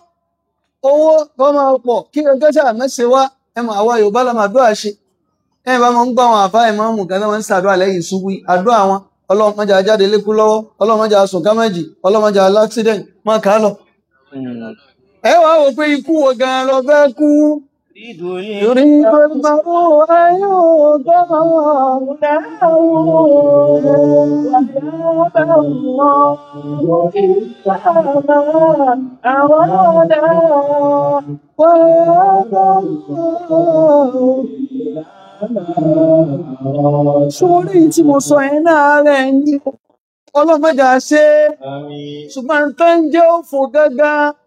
owó kọ́ máa pọ̀ kí ẹgbẹ́ sáà mẹ́sẹ̀ wá ẹ mọ̀ àwa Yorùbá la máa dúà ṣe ẹ bá máa ń gbọ́ àwọn àfáà ìmọ̀ ọ̀mù kan náà wọ́n ń ṣàdúrà lẹ́yìn ìṣubú àdúrà wọn ajáde lékú lọ́wọ́ ọlọ́mọdé asùn kámẹ́jì ọlọ́mọdé aláksidẹ̀ntì máa kà á lọ ẹ wá wò pé ikú wo gan lọ fẹ́ kú. Torí pé bàbá ayé ò dáná dáwọ́ àwọn ọ̀dà wọ́n dáwọ́. Sórí tí mo sọ yẹn náà rẹ̀ ní ọlọ́mọdé àṣẹ ṣùgbọ́n tó ń jẹ́ òfò gángan.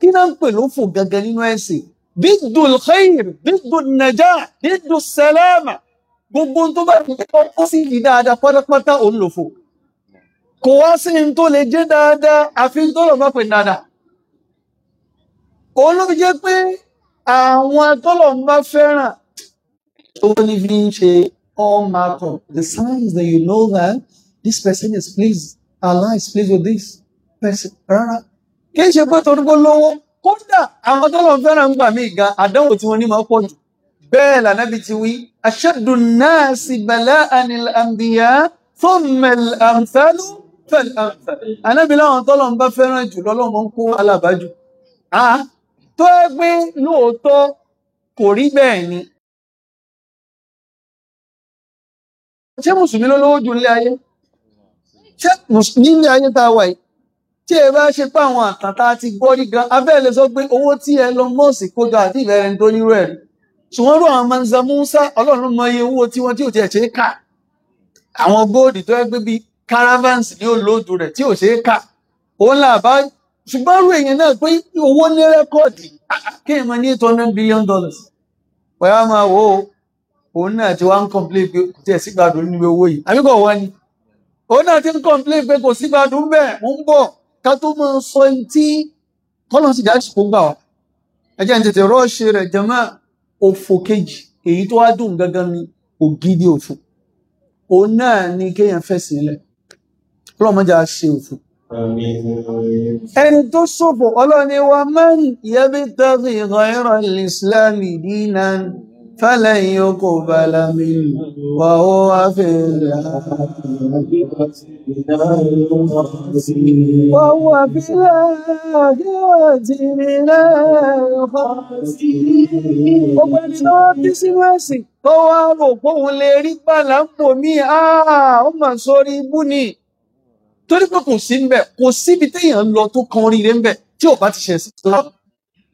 kí náà ń pè lófò gangan nínú ẹ̀sìn bidul khair bidul najah bidul salama gbogbo tó bá ti kọ́ kó sí ìdí dáadáa pátápátá òun lòfò kò wá sí ní tó lè jẹ́ dáadáa àfi tó lọ bá pè dáadáa òun ló fi jẹ́ pé àwọn tọ́lọ̀ ń bá fẹ́ràn tó ní fi ń ṣe all mark up the signs that you know that this person is pleased Allah is pleased with this person rárá. Right? kí ṣe pé torí kó lówó kódà àwọn tọ́lọ̀ fẹ́ràn ń gbà mí ga àdánwò tí wọ́n ní máa pọ̀ jù bẹ́ẹ̀ lànàbí ti wí ashaddu nnasi bala'an al-anbiya thumma al-amthalu fal-amthal ànábì láwọn tọ́lọ̀ ń bá fẹ́ràn jù lọ́lọ́mọ ń kó alábàájù tó ẹ pé lóòótọ́ kò rí bẹ́ẹ̀ ni ṣé mùsùlùmí lówó jù nílé ayé ṣé nílé ayé tá a wà yìí tí ẹ bá ṣe pé àwọn àtàtà ti gbọ́rí gan abẹ́ẹ̀ lè sọ pé owó tí Elon Musk kójọ àti ìbẹ̀rẹ̀ tó nírú ẹ̀ ṣùgbọ́n rú àwọn manza musa ọlọ́run mọ iye owó tí wọ́n tí ò tiẹ̀ ṣe é kà àwọn góòdì tó yẹ pé bíi caravans ni ó lóòdù rẹ̀ tí ò ṣe é kà òun là bá ṣùgbọ́n rú èèyàn náà pé owó ní rẹ́kọ̀dì kéèyàn máa ní eight hundred billion dollars pẹ̀lú máa wò ó òun náà ti wá ń complain pé kò tiẹ̀ sígbàdùn nínú owó yìí àbíkọ̀ wọ́n ni òun náà ti ń complain pé kò sígbàdùn bẹ́ẹ̀ mò ń bọ̀ ká tó mọ́ sọ ẹni tí tọ́lọ́ sì dájú kó gbà wá ẹjẹ́ ń tètè rọ́ọ̀ṣì rẹ̀ jẹ́mọ́ òfò kejì èyí tó wá dùn gangan ni ògidì òfò òun náà ni kéèyàn fẹ́ sílẹ̀ ọlọ́mọdé ṣe òfò ẹni tó ṣòfò ọlọ́ni wa man yabtaghi ghayra al-islami dinan فلن يقبل منه وهو في الآخرة وهو في الآخرة من الخاسرين ọgbẹ́ ni wọ́n bí sínú ẹ̀sìn tó wá rò fóun lè rí gbàlà ń pò mí ó mà sórí ibú ni torí pé kò sí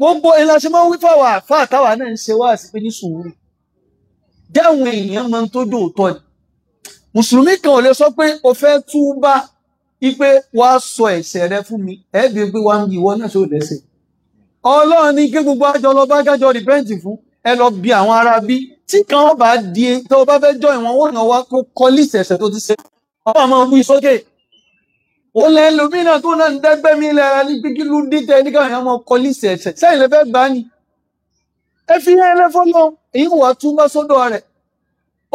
gbogbo ẹ̀la ṣe máa ń wí fáwọn àfa àtàwà náà ń ṣe wá sí pé ní sùúrù dáwọn èèyàn máa ń tó dòótọ́ ni mùsùlùmí kan ò lè sọ pé o fẹ́ túbá ipe wá sọ ẹ̀ṣẹ̀ rẹ fún mi ẹ̀ẹ́dì pé wá ń bí ìwọ náà ṣe ò lẹ́sẹ̀ ọlọ́run ní kí gbogbo àjọ lọ bá kájọ rìpẹ́ǹtì fún ẹ lọ bí àwọn ará bí tí kan bá di e, tó bá fẹ́ jọ ìwọ̀n wọn náà wá kó kọ́ lísẹ̀ẹ̀sẹ̀ tó ti ṣe ọ ó lẹ́ lómìnà tó náà ń dẹ́gbẹ́ mi lára ní pé ló dé ní káwọn ọmọ ọkọ lísì ẹ̀sẹ̀ sẹ́yìn lẹ́fẹ́ gbá ni ẹ fi hẹ́ ẹlẹ́fọ́ lọ èyí wà tún bá sọ́dọ̀ rẹ̀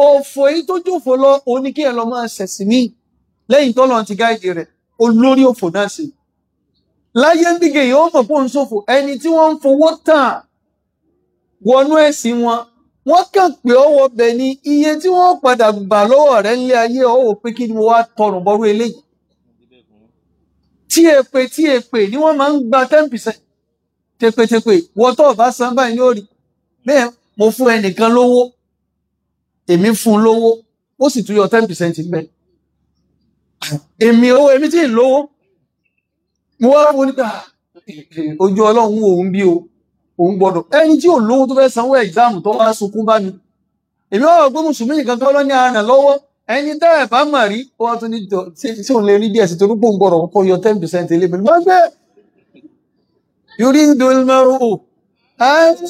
òfò èyí tó jòfò lọ òní kí ẹ lọ máa ṣẹ̀sìn mí lẹ́yìn tọ́lọ́ ti gáìdì rẹ̀ olórí òfò náà sì láyé ń dìgẹ̀ yìí ó mọ̀ pé òun ẹni tí wọ́n ń fowó tàn wọnú ẹ̀sìn wọn wọ́n kàn pé ọwọ́ bẹ̀ ni iye tí wọ́n padà gbà lọ́wọ́ rẹ̀ nílé ayé ọwọ́ pé kí ni mo wá tọrùn bọ́rú eléyìí tí èpè tí èpè ni wọ́n máa ń gba ten percent tepetepe wọ́n tó bá san báyìí ní òrì bẹ́ẹ̀ mo fún ẹnìkan lówó èmi fún lówó ó sì tún yọ ten percent bẹ́ẹ̀ èmi owó èmi tí ì lówó mo wá fún nípa ojú ọlọ́run òun bí o òun gbọ́dọ̀ ẹni tí ò lówó tó fẹ́ sanwó ẹ̀gzáàmù tó wá sunkún bá mi èmi wá wọ̀ mùsùlùmí nìkan tó lọ́ ní aràn lọ́wọ́ ẹni tá ẹ bá mà rí wọn tún ní tí òun lè rí díẹ̀ sí torí pò ń gbọ́rọ̀ kọ́kọ́ yọ ten percent ilé mi má gbẹ yorí ń dol mẹrù o. Thank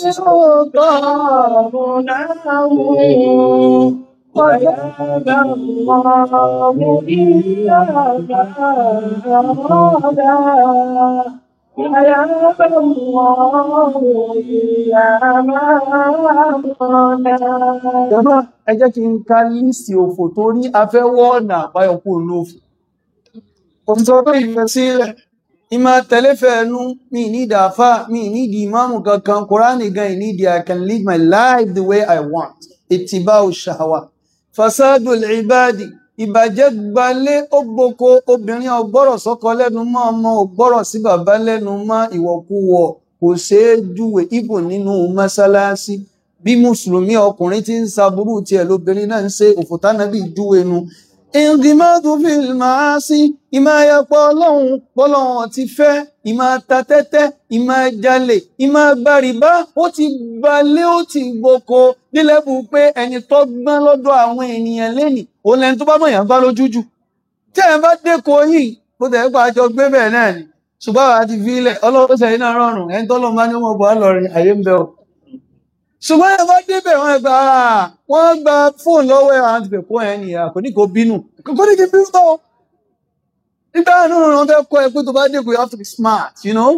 you. فياب الله إلا ما قال ẹ jẹ́ kí n ka líìsì òfò torí a fẹ́ wọ́ọ̀nà àbáyọ kú inú òfò kò sọ pé ìfẹ́ sílẹ̀ ìmá tẹ̀lẹ́fẹ́ ẹnu mi nídìí àfá mi nídìí ìmáàmù kankan kùránì gan ìnídìí I can live my life the way I want ìtìbá òṣàwà fasadul ibadi ìbàjẹ́ gbalé ó gboko obìnrin ọgbọ́rọ̀ sọ́kọ lẹ́nu mọ́ ọmọ ọgbọ́rọ̀ sí bàbá lẹ́nu mọ́ ìwọ̀kuwọ̀ kò ṣeé júwe ibò nínú mọ́sálásí bí mùsùlùmí ọkùnrin ti ń saburú tiẹ̀ lóbìnrin náà ń ṣe òfòtánàbí júwe nu ìngìmọ́dún fi máa sí ìmá ẹ̀pọ̀ ọlọ́run pọ́lọ́run ti fẹ́ ìmá ta tẹ́tẹ́ ìmá jalè ìmá gbàrìbá ó ti balẹ̀ ó ti gboko nílẹ̀bù pé ẹni tó gbọ́n lọ́dọ̀ àwọn ènìyàn lẹ́nì òun lẹni tó bá mọ̀ yàn bá lójú jù tẹ́ ẹ bá dẹ́kọ̀ yìí bó tẹ̀ pa àjọ gbé bẹ́ẹ̀ náà ni ṣùgbọ́n àti fi ilẹ̀ ọlọ́run sẹ́yìn náà rọrùn ẹni tọ́lọ́ ṣùgbọ́n ẹ bá débẹ̀ wọ́n gba wọ́n gba fóònù lọ́wọ́ ẹ̀ àti pẹ̀pọ̀ ẹ̀ nìyà kò ní kò bínú kò ní kí bínú tọ́ nígbà náà wọ́n fẹ́ kọ́ ẹ pé tó bá dé kò you have to be smart you know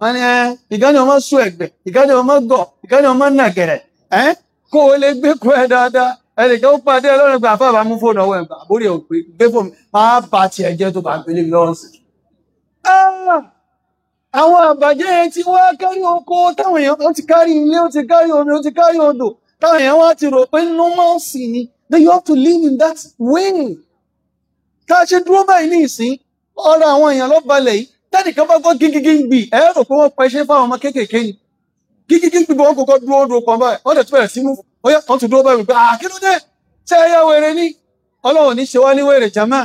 wọ́n ní ẹ ìgáni ọmọ sún ẹ̀gbẹ́ ìgáni ọmọ gọ̀ ìgáni ọmọ nàgẹ̀rẹ̀ ẹ kó o lè gbé kú ẹ dáadáa ẹ lè jẹ́ ó padà lọ́rùn gbà fáwọn amú fóònù ọwọ́ ẹ̀ gbà àbórí ẹ̀ gbé fóònù máa bá tiẹ̀ jẹ́ tó bá gbélé lọ́rùn sí i. Ah! àwọn àbàjẹ́ tí wọ́n kárí oko táwọn èèyàn ó ti kárí ilé ó ti kárí omi ó ti kárí odò táwọn èèyàn wá ti rò pé normalcy ni then you have to live in that way tá a ṣe dúró báyìí ní ìsín ọ̀rọ̀ àwọn èèyàn ló balẹ̀ yìí tẹ́nìkan bá gbọ́ gígígígbì ẹ rò pé wọ́n pa iṣẹ́ fáwọn ọmọ kéékèèké ni gígígígbì wọn kò kọ́ dúró dúró kan báyìí wọ́n dẹ̀ tún bẹ̀rẹ̀ sí mú ọyá kan tún dúró báyìí pé àkínúdé ah, ṣé ẹyá wèrè ni ọlọ́run ní ṣe wá ní wèrè jàmáà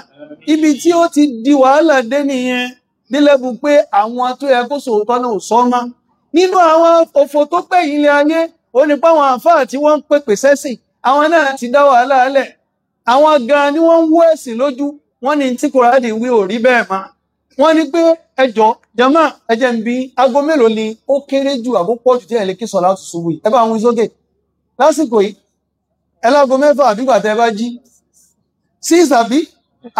ibi tí ó ti di wàhálà dé nìyẹn délẹ́bù pé àwọn tó yẹ kó sòótọ́ náà sọ mọ́ nínú àwọn òfò tó pẹ́ yìí ilé ayé ó ní páwọn àǹfààní tí wọ́n ń pèpè sẹ́sìn àwọn náà ti dá wàhálà lẹ̀ àwọn gan ni wọ́n ń wó ẹ̀sìn lójú wọ́n ní tí kòrádì wí ò rí bẹ́ẹ̀ mọ́ wọ́n ní pé ẹjọ́ jama ẹjẹ́ ń bi aago mélòó ni ó kéré ju àbó pọ̀ jù tí ẹ̀ lè kí sọ̀lá tutù wì ẹ bá wọn sókè lásìkò yìí ẹ láago mẹ́fà àbígbà tẹ́ bá jí sí ìsàbí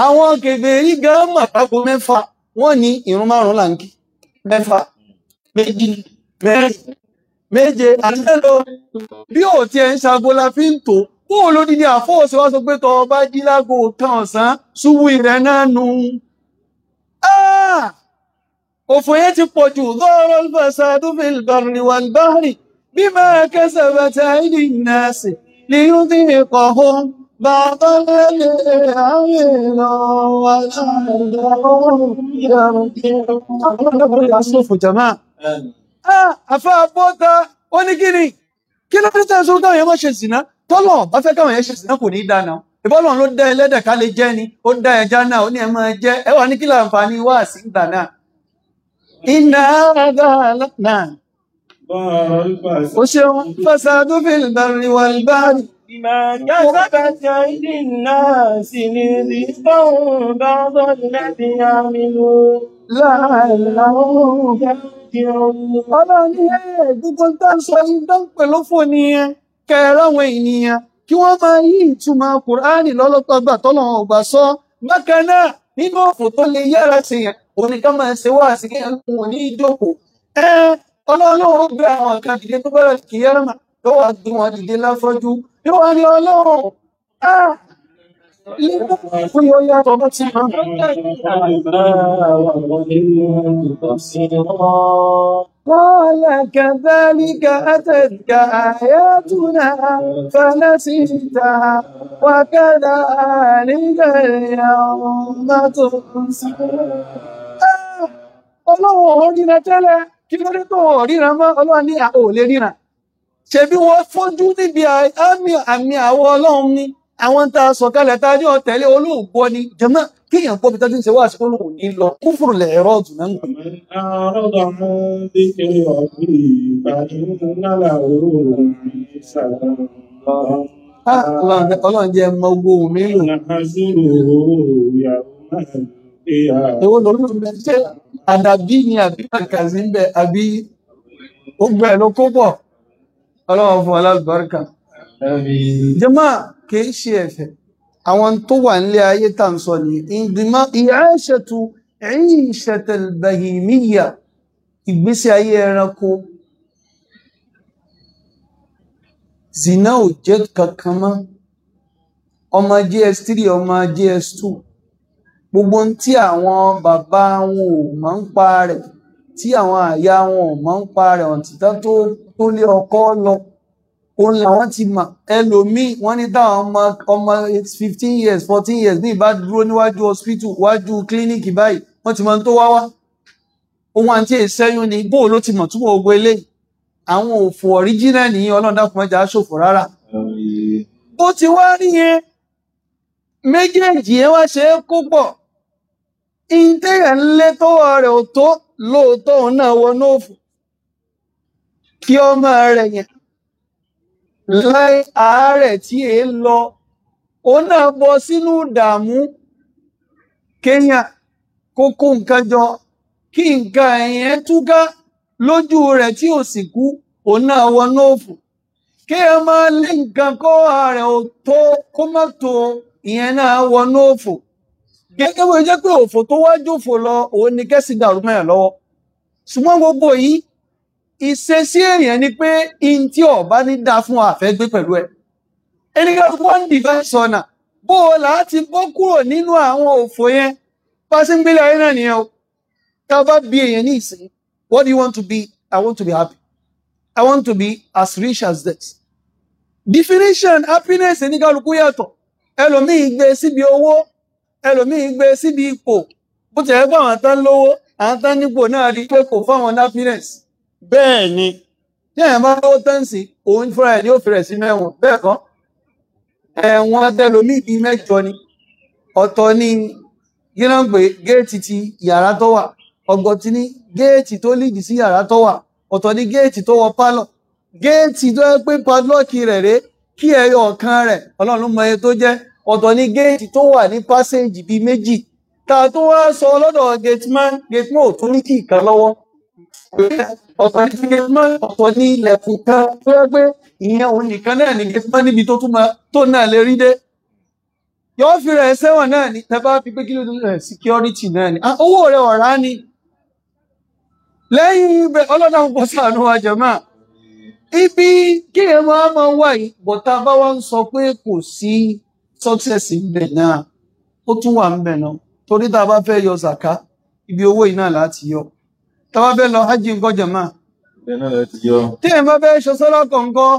àwọn kèfèrí gan mọ̀ àgbo mẹ́fà wọ́n ní ìrun márùn-ún là ń kí mẹ́fà méjì mẹ́rin méje àtẹ́lò bí ò tí ẹ ń ṣago la fi ń tò kó o lódi ní àfọ́ọ̀sẹ̀ wá sọ pé tọ́ ọba jí kan ọ̀sán ṣubú ìrẹ́ náà nu ah! òfò yẹn ti pọ̀ jù lọ́rọ̀ lọ́sà dúfìl bàrì wà báhìrì bí máa kẹsẹ̀ bàtà ìdí náà sí lè yún tí ìkọ̀ hó بعض الذي عمل ولا يصف جماع àfẹ́ àbọ́ta ó ní kí ni kí ló dé tẹ́sán táwọn èèyàn máa ṣe sìná tọ́lọ̀ bá fẹ́ káwọn èèyàn ṣe sìná kò ní í dáná ìbọ́lọ̀ ló dá ẹlẹ́dẹ̀ ká lè jẹ́ ni ó dá ẹja náà ó ní ẹ máa jẹ́ ẹ wà ní kí láǹfààní wá sí ìgbà náà. iná àgá náà. ó ṣeun fásitì àdúgbò ìlú dárí wà ní báyìí. بما كسبت أيدي الناس ليذيقهم بعض الذي عملوا لعلهم يرجعون ọlọ́run ní ẹ̀ gbogbo tá ń sọ yìí tó ń pè ló fò nìyẹn kẹrẹ àwọn ènìyàn kí wọ́n máa yí ìtumọ̀ kùránì lọ́lọ́tọ́gbà tọ́lọ́run ọ̀gbà sọ bákan náà nínú òfò tó lè yára sí yẹn oníkan máa ṣe wá sí yẹn wọn ní ìjókòó ẹ ọlọ́run ó gbé àwọn kan dìde tó bẹ̀rẹ̀ kìí yára mà lọ́wọ́ àgbé wọn dìde láfọ́jú yóò wá ní ọlọ́run Fún yóò yàtọ̀ bó ti máa ń bá قال كذلك أتتك آياتنا فنسيتها وكذلك اليوم تنسى Ọlọ́run ò ríran tẹ́lẹ̀ kí ló dé tó ríran mọ́ Ọlọ́run ní àò lè ríran ṣebí wọ́n fọ́jú níbi àmì àwọ̀ ọlọ́run ni àwọn tá a sọ kalẹ̀ tá a ní ọ̀tẹ̀lé olóògbọ́ ni jẹ́mọ́ kéèyàn gbọ́ bí tọ́jú ṣe wá sí olóòwò ní lọ kúfùrù lẹ̀ ẹ̀rọ ọ̀dùn náà ń pè. àrọ́dọ̀ mú bí kiri ọ̀bí ìbàdí nálà òru ah, ọlọ́run jẹ́ mọ gbóhùn lò. èwo lòlú mi ṣe àdàbí ni àbí kàkàzí ń bẹ àbí ó gbẹ ló kó bọ̀ ọlọ́wọ́ fún alábàárkà jẹ́mà kìí ṣe ẹ̀fẹ̀ àwọn tó wà nílé ayé tà ń sọ ní ìdìmá ìyáṣẹ́tù ìṣẹ̀tẹ̀lbẹ̀hìmíyà ìgbésí ayé ẹranko zina ò jẹ́ kankan mọ́ ọmọ js3 ọmọ js2 gbogbo ohun tí àwọn bàbá wọn ò máa ń pa rẹ̀ tí àwọn àyà wọn ò mọ̀ ń pa rẹ̀ ọ̀títà tó lé ọkọ lọ òun làwọn ti mà ẹlòmíì wọ́n ní táwọn ọmọ ọmọ fifteen years fourteen years ní ìbá dúró níwájú hospital wájú clinic báyìí wọ́n ti mọ̀ tó wá wá ohun àti ìṣẹ́yún ni bóò ló ti mọ̀ túbọ̀ gbogbo eléyìí àwọn òfò ọ̀ríjínà ní ọlọ́dàkùnmọ́jà ṣòfò rárá bó ti wá rí yẹn méjèèjì yẹn wá ṣe é kó pọ̀ ìtẹ́yẹ̀ ń lé tọ́wọ́ rẹ̀ ò tó lóòótọ́ òun náà wọnú òfò kí ọmọ rẹ̀ yẹn láì àárẹ̀ tí è ń lọ òun náà bọ sínú ìdààmú kéèyàn kó kó nǹkan jọ kí nǹkan ẹ̀yẹn túká lójú rẹ̀ tí ò sì kú òun náà òfò máa lé gẹ́gẹ́ bó jẹ́ pé òfò tó wá jòfò lọ òun ni kẹ́sì dàrú mẹ́rin lọ́wọ́ ṣùgbọ́n gbogbo yìí ìṣesí èèyàn ni pé in tí ọba ní dá fún àfẹ́ gbé pẹ̀lú ẹ ẹnìkan wọ́n ń dìfẹ́ sọ̀nà bó o là á ti bọ́ kúrò nínú àwọn òfò yẹn bá sí ń gbélé ayé náà nìyẹn o tá a bá bí èèyàn ní ìsìn what do you want to be I want to be happy I want to be as rich as this definition happiness ẹnìkan kú yàtọ̀ ẹlòmíì gbé síbi owó ẹlòmíín gbé síbi ipò bó ti ẹ̀ fáwọn tán lówó àwọn tán nípò náà rí pé kò fáwọn happiness bẹ́ẹ̀ ni tí ẹ̀ bá lówó tán sí òun fúnra ẹ̀ ní ó bẹ́ẹ̀ ẹ̀wọ̀n ni ọ̀tọ̀ ni ti yàrá tó wà géètì tó lìdí sí yàrá tó wà ọ̀tọ̀ ní géètì tó wọ pálọ̀ géètì tó yẹ pé padlọ́ọ̀kì rẹ̀ ọ̀tọ̀ ni géètì tó wà ní pásẹ́jì bí méjì tá tó wá sọ lọ́dọ̀ gateman gateman ò kí ìkan lọ́wọ́ ọ̀tọ̀ gateman ọ̀tọ̀ ni ilẹ̀kùn kan tó yẹ pé ìyẹn òun nìkan náà ni gateman níbi tó túmọ̀ tó náà lè rí dé fi rẹ̀ sẹ́wọ̀n náà fi pé kí ló dé náà ah, ibi kí máa wà yìí bá ń sọ pé success ń bẹ náà ó tún wà ń bẹ náà torí tá a bá fẹ́ yọ zaka ibi owó yìí láti yọ tá a bá fẹ́ lọ hajj nǹkan jàmá tí ẹ̀ bá fẹ́ ṣọṣọ́lá kọ̀ọ̀kan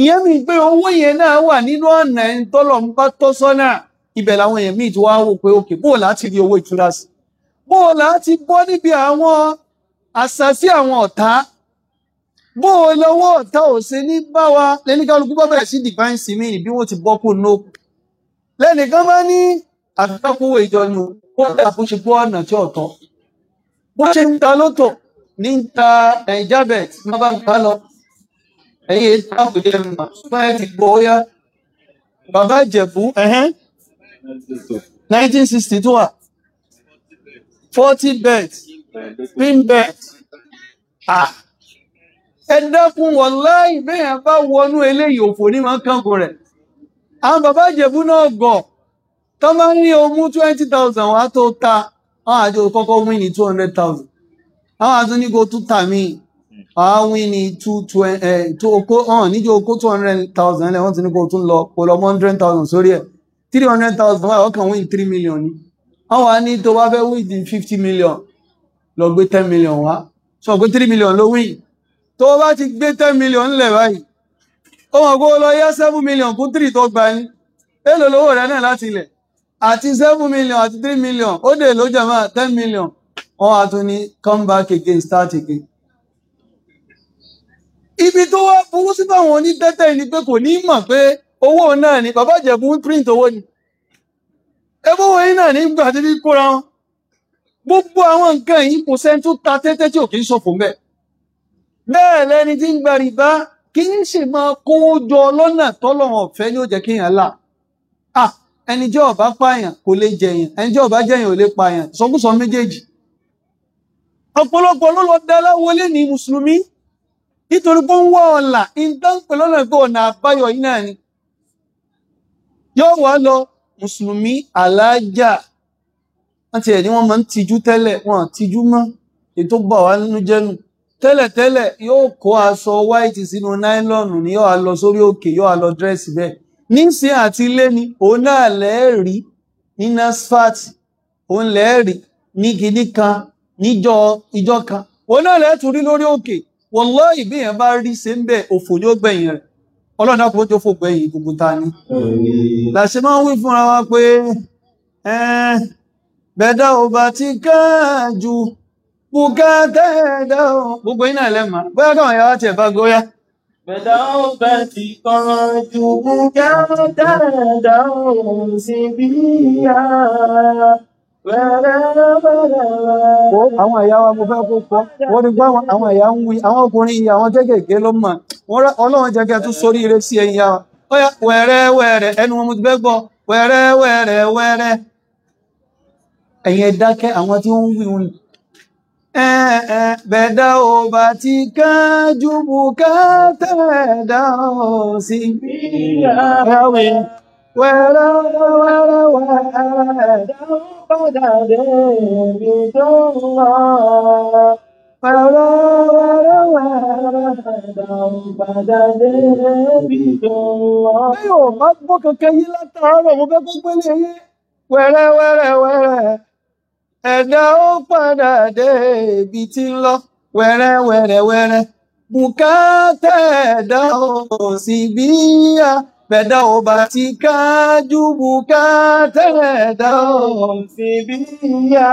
ìyẹn mi pé owó yẹn náà wà nínú ọ̀nà ẹni tọ́lọ̀ ń bá tọ́ sọ́nà ibẹ̀ làwọn èèyàn míì ti wá wò pé òkè bóò láti rí owó ìtura sí bóò láti bọ́ níbi àwọn àṣà sí àwọn ọ̀tá bó o lọ́wọ́ ọ̀tá ò ṣe ní bá wa lẹ́nìkálukú bá bẹ̀rẹ̀ sí divine simi ni bí wọ́n ti bọ́ kó nóòkù lẹ́nìkan bá ní àfikàkówó ìjọnu kó bẹ́ẹ̀ àfúnṣe kó ọ̀nà tí ọ̀tọ̀ bó ṣe ń ta lọ́tọ̀ ní ń ta naija bet má bá ń bá lọ ẹ̀yìn èyí tá kò jẹ́ mà ṣùgbọ́n ẹ ti gbọ́ ọ́yá bàbá ìjẹ̀bú 1960 40 bet 10 bet ah ẹ dákun wọ̀láì bẹ́yàn bá wọnú eléyìí òfò ní máa ń kankun rẹ̀ àwọn bàbá ìjẹ̀bú náà gọ̀ tó máa ń rí omú twenty thousand wá tó ta àwọn àjọ kọ́kọ́ wí ní two hundred thousand àwọn àtún ní kó tún tà mí àwọn wí ní oko hàn níjọ oko two hundred thousand lẹ́wọ́n ti ní kó tún lọ kó lọ mọ́ hundred thousand sórí ẹ̀ three hundred thousand wà ọkàn wí three million ni àwọn àní tó bá fẹ́ wí di fifty million lọ gbé ten million wá sọ pé three million ló wí yìí tó bá ti gbé ten million lẹ̀ báyìí ó mọ̀ kó lọ yá seven million kún three tó gba yín èlò lówó rẹ̀ náà láti ilẹ̀ àti seven million àti three million ó dè ló jẹ̀mọ́ ten million wọ́n wá tún ní come back again start again. ibi tó wá burú sí báwọn onídẹ́tẹ̀ ni pé kò ní mọ̀ pé owó náà ni bàbá ìjẹ̀bú ń print owó ni ẹbówó yín náà nígbà tí kóra wọn gbogbo àwọn nǹkan yìí kò sẹ́ńtú ta tẹ́tẹ́ tí ò kì í ṣòfò mẹ́ẹ̀ bẹ́ẹ̀ lẹni tí ń gba rìbá kì í sì máa kówó jọ lọ́nà tọ́lọ́run ọ̀fẹ́ ni ó jẹ́ kéèyàn là à ẹni jẹ́ ọ̀bá pààyàn kò lè jẹyàn ẹni jẹ́ ọ̀bá jẹyàn ò lè pààyàn sọkúsọ méjèèjì ọ̀pọ̀lọpọ̀ ló lọ dá láwọlé ní mùsùlùmí nítorí pé ń wá ọ̀la ìdánpẹ̀ lọ́nà pé ọ̀nà àbáyọ yìí náà ni yóò wá lọ mùsùlùmí aláàjà wọ́n ti ẹ̀ ní wọ́n máa ń tijú tẹ́lẹ̀ wọ́n tijú mọ́ ètò bà wá nínú jẹ́nu tẹ́lẹ̀tẹ́lẹ̀ yóò kó aṣọ white sínú náílọ̀nù ni yóò lọ sórí òkè yóò lọ dírẹ́sì bẹ́ẹ̀ níṣẹ́ àti ilé ni òun náà lẹ́ẹ̀rí ní nasfat òun lẹ́ẹ̀rí ní kinní kan níjọ ìjọ kan òun náà lẹ́ẹ̀tún rí lórí òkè wallahi bí bá rí ṣe ń bẹ̀ òfò ni ó gbẹ̀yìn rẹ̀ ọlọ́run náà kò tó fò gbẹ̀yìn gbogbo ta ni. làṣẹ máa ń wí fúnra wa pé bẹ́ẹ̀ dá ò ti káà ju bùkátà ẹ̀dá o gbogbo iná ẹlẹ́mà bóyá káwọn ìyàwó àti ẹ̀fà góyá. bẹ̀dá ó bẹ̀ ti kàn ju bùkátà ẹ̀dá o sí bí ìyá àwọn ẹ̀yà wa mo fẹ́ kó kọ́ wọ́n ní gbọ́ àwọn ẹ̀yà ń wí àwọn ọkùnrin yìí àwọn a tún sórí ire sí ẹ̀yìn yá wa ọ̀yà wẹ̀rẹ̀ wẹ̀rẹ̀ ẹnu wọn mo ti fẹ́ gbọ́ wẹ̀rẹ̀ wẹ̀rẹ̀ wẹ̀rẹ̀ ẹ̀yìn ẹ̀dákẹ́ bẹ̀dá ò bá ti kájú bùkátà ẹ̀dá ò sí bí àwẹ̀ wẹ́rẹ́ wẹ́rẹ́ wẹ́rẹ́ ẹ̀dá ò padà dé ibi tó ń lọ. Wẹ́rẹ́ wẹ́rẹ́ wẹ́rẹ́ ẹ̀dá ò padà dé ibi tó ń lọ. Bẹ́ẹ̀ ò má gbọ́ kankan yín látàárọ̀ mo fẹ́ kó gbélé yín wẹ́rẹ́ wẹ́rẹ́ wẹ́rẹ́. ẹ̀dá ó padà dé ibi tí ń lọ wẹ́rẹ́ wẹ́rẹ́ wẹ́rẹ́ bùkátà ẹ̀dá ò sì bí yá bẹ̀dá ò bá ti kájú bùkátà bukata da ò bi bí yá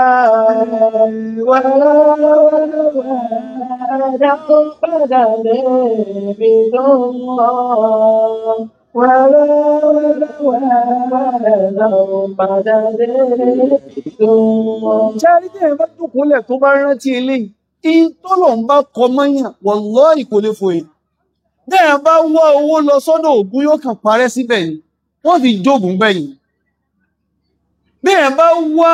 bukata wẹ́rẹ́ ẹ̀dá ó padà dé ibi tó ń lọ. Ṣẹ́rí tí ẹ̀mọ́ dùkúnlẹ̀ tó bá rántí ilé yìí, tó lọ ń bá kọ mọ́yàn wọ̀n lọ́ ìkò lè fò èyí. Dẹ́ẹ̀ bá wọ́ owó lọ sọ́dọ̀ ògún yóò kàn parẹ́ síbẹ̀ yìí, wọ́n fi jógùn gbẹ̀yìn. Bẹ́ẹ̀ bá wá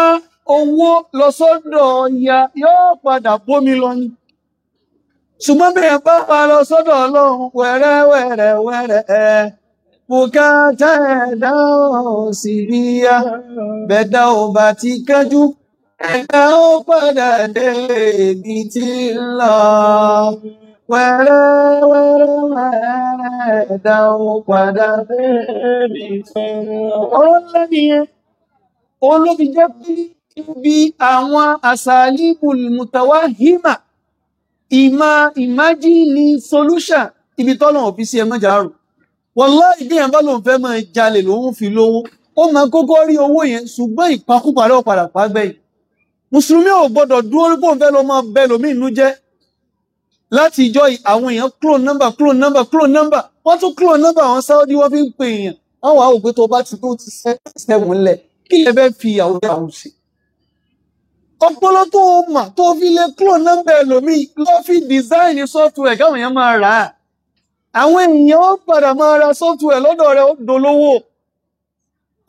owó lọ sọ́dọ̀ ọya yóò padà bómi lọ ni ṣùgbọ́n bẹ́ẹ̀ bá wá lọ sọ́dọ̀ ọlọ́run wẹ̀rẹ́ wẹ̀rẹ̀ wẹ̀rẹ̀ bùkátà ẹ̀dá ò sì bíyá bẹ́ẹ̀dá ò bá ti kánjú ẹ̀dá ó padà dé ibi tí ń lọ. Wẹ́rẹ́ wẹ́rẹ́ wẹ́rẹ́ ẹ̀dá ó padà dé ibi tí ń lọ. Ọ̀rọ̀ ńlá nìyẹn, olóbi jẹ́ pé ibi àwọn àsàlíbùl mutawahima ìmá ìmájìlì solution ibi tọ́lọ̀ òfin sí ẹmọ́jà àrùn wàláì bí èèyàn bá lòun fẹ́ máa jalè lòun fi lówó ó máa kọ́kọ́ rí owó yẹn ṣùgbọ́n ìpakúparẹ́ ọ̀padà pàgbẹ́yìn mùsùlùmí ò gbọ́dọ̀ dúró pò ń fẹ́ lọ máa bẹ lòmí inú jẹ́ láti ìjọ àwọn èèyàn clone number clone number clone number wọ́n tún clone number àwọn sáwọ́dí wọ́n fi ń pè èèyàn àwọn àwọn òpé tó bá ti tó ti sẹ́wọ̀n lẹ̀ kí lè fẹ́ fi àwọn sí. clone number lòmí lọ́ fi design software káwọn èèyàn àwọn èèyàn ó padà máa ra software lọ́dọ̀ rẹ̀ ó dolówó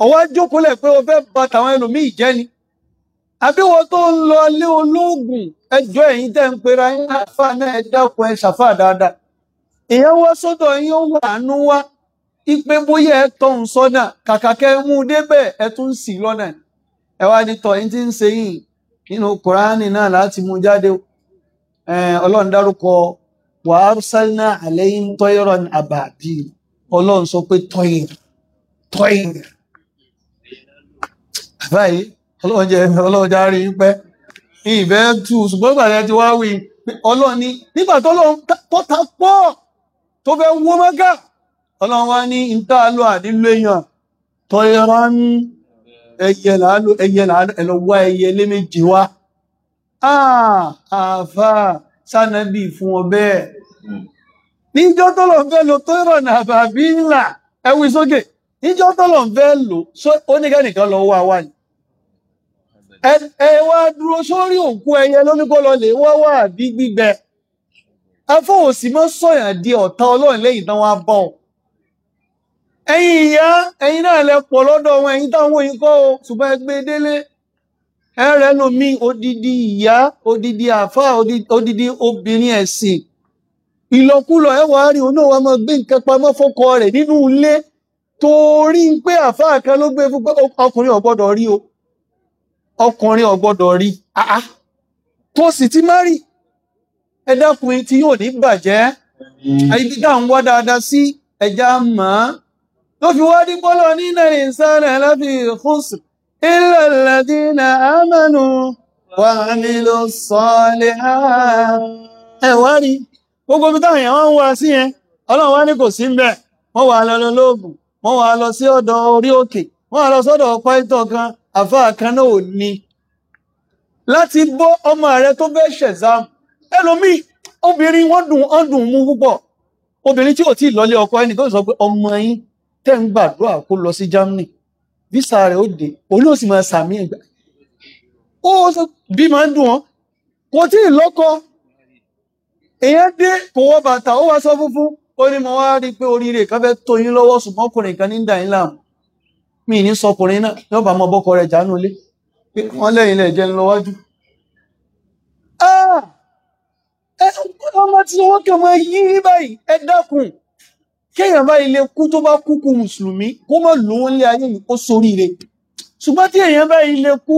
ọwọ́ jókòólẹ̀ pé o fẹ́ ba tàwọn ẹlòmíì jẹ́ ni àbíwọ tó ń lọ ilé olóògùn ẹjọ́ ẹ̀yìn tẹ́ ń pera yín àfa náà ẹ dákun ẹ ṣàfà dáadáa èèyàn wá sọ́dọ̀ yín ó wà ánú wá ipe bóyá ẹ tọ̀hún sọ́nà kàkà kẹ́ mú un débẹ̀ ẹ tún ń sì lọ́nà ẹ wá ní tọ̀ yín tí ń ṣe yìí nínú kùránì náà láti mú jáde ọlọ́run dárúkọ wà á sálínà àlẹ́yìn tọ́yọ̀rọ̀ ní àbàbí ọlọ́run sọ pé tọ́yìn tọ́yìn báyìí ọlọ́run jẹ́ ọlọ́run já rí pẹ́ ìbẹ́ tu ṣùgbọ́n ìgbà tí wá wí ọlọ́run ní nígbà tọ́lọ́run tọ́ta pọ̀ tó fẹ́ wó mọ́gà ọlọ́run wá ní ìta lọ àdínlú èèyàn tọ́yọ̀rọ̀ ní ẹyẹ làálò ẹyẹ làálò ẹlọ́wọ́ ẹyẹ lé méjì wá àfáà sánàbí fún ọ bẹ́ẹ̀ hmm. níjọ́ tọ́lọ̀ ń fẹ́ lo tó ìrọ̀nà àbàbí ńlá ẹwí sókè níjọ́ tọ́lọ̀ ń fẹ́ lò ó ní kẹ́nìkan lọ wá wá ní ẹ wá dúró sórí òkú ẹyẹ lóníkó lọ lè wá wá àbí gbígbẹ afọwọ́sí mọ́ sọ̀yàn di ọ̀tá ọlọ́run lẹ́yìn tán wá bọ́ ọ ẹ̀yin ìyá ẹ̀yin náà lẹ pọ̀ lọ́dọ̀ wọn ẹ̀yin táwọn òyìnkọ́ ṣùgbọ́n ẹgbẹ́ délé ẹ̀rẹ́ nu mi odidi ìyá odidi àfá odidi obìnrin ẹ̀sìn ìlọkulọ ẹwà rí oná wa máa gbé nǹkan pamọ́ fọ́kọ rẹ̀ nínú ilé torí ń pé àfá kan ló gbé fún ọkùnrin ọgbọdọ rí o ọkùnrin ọgbọdọ rí àá tó sì ti má rí ẹ̀dákùnrin tí yóò ní bàjẹ́ ibi tá ń wá dáadáa sí ẹja mọ́ ló fi wá dípọ́lọ́ ní nàìjíríà láti fún sùn إلا الذين آمنوا وعملوا الصالحات gbogbo bí táwọn èèyàn ń wá sí yẹn ọlọ́run ní kò sí wọ́n lọ wọ́n lọ sí ọ̀dọ̀ orí òkè wọ́n lọ sọ́dọ̀ kan àfáà kan náà ò ní láti ọmọ rẹ tó fẹ́ ẹlòmíì obìnrin wọ́n dùn mú púpọ̀ obìnrin tí ò tí ì ọkọ visa rẹ̀ ó dé òun náà sì máa sàmì ẹ̀gbà ó sọ bí máa ń dùn wọn kò tí ì lọ́kọ èèyàn dé kò wọ bàtà ó wá sọ funfun ó ní mo wá rí i pé oríire kan fẹ́ tó yín lọ́wọ́ ṣùgbọ́n ọkùnrin kan ní ń dà yín láàmú mi ní sọkùnrin náà yóò bá mọ bọ́kọ rẹ̀ jánu lé pé wọ́n lẹ́yìn lẹ̀ jẹ́ ń lọ wájú. Ah! ọmọ tí wọ́n kàn máa yí báyìí ẹ dákun kéèyàn bá ilé kú tó bá kú kú mùsùlùmí kó mọ̀ lówó nílé ayé yìí kó soríire ṣùgbọ́n tí èèyàn bá ilé kú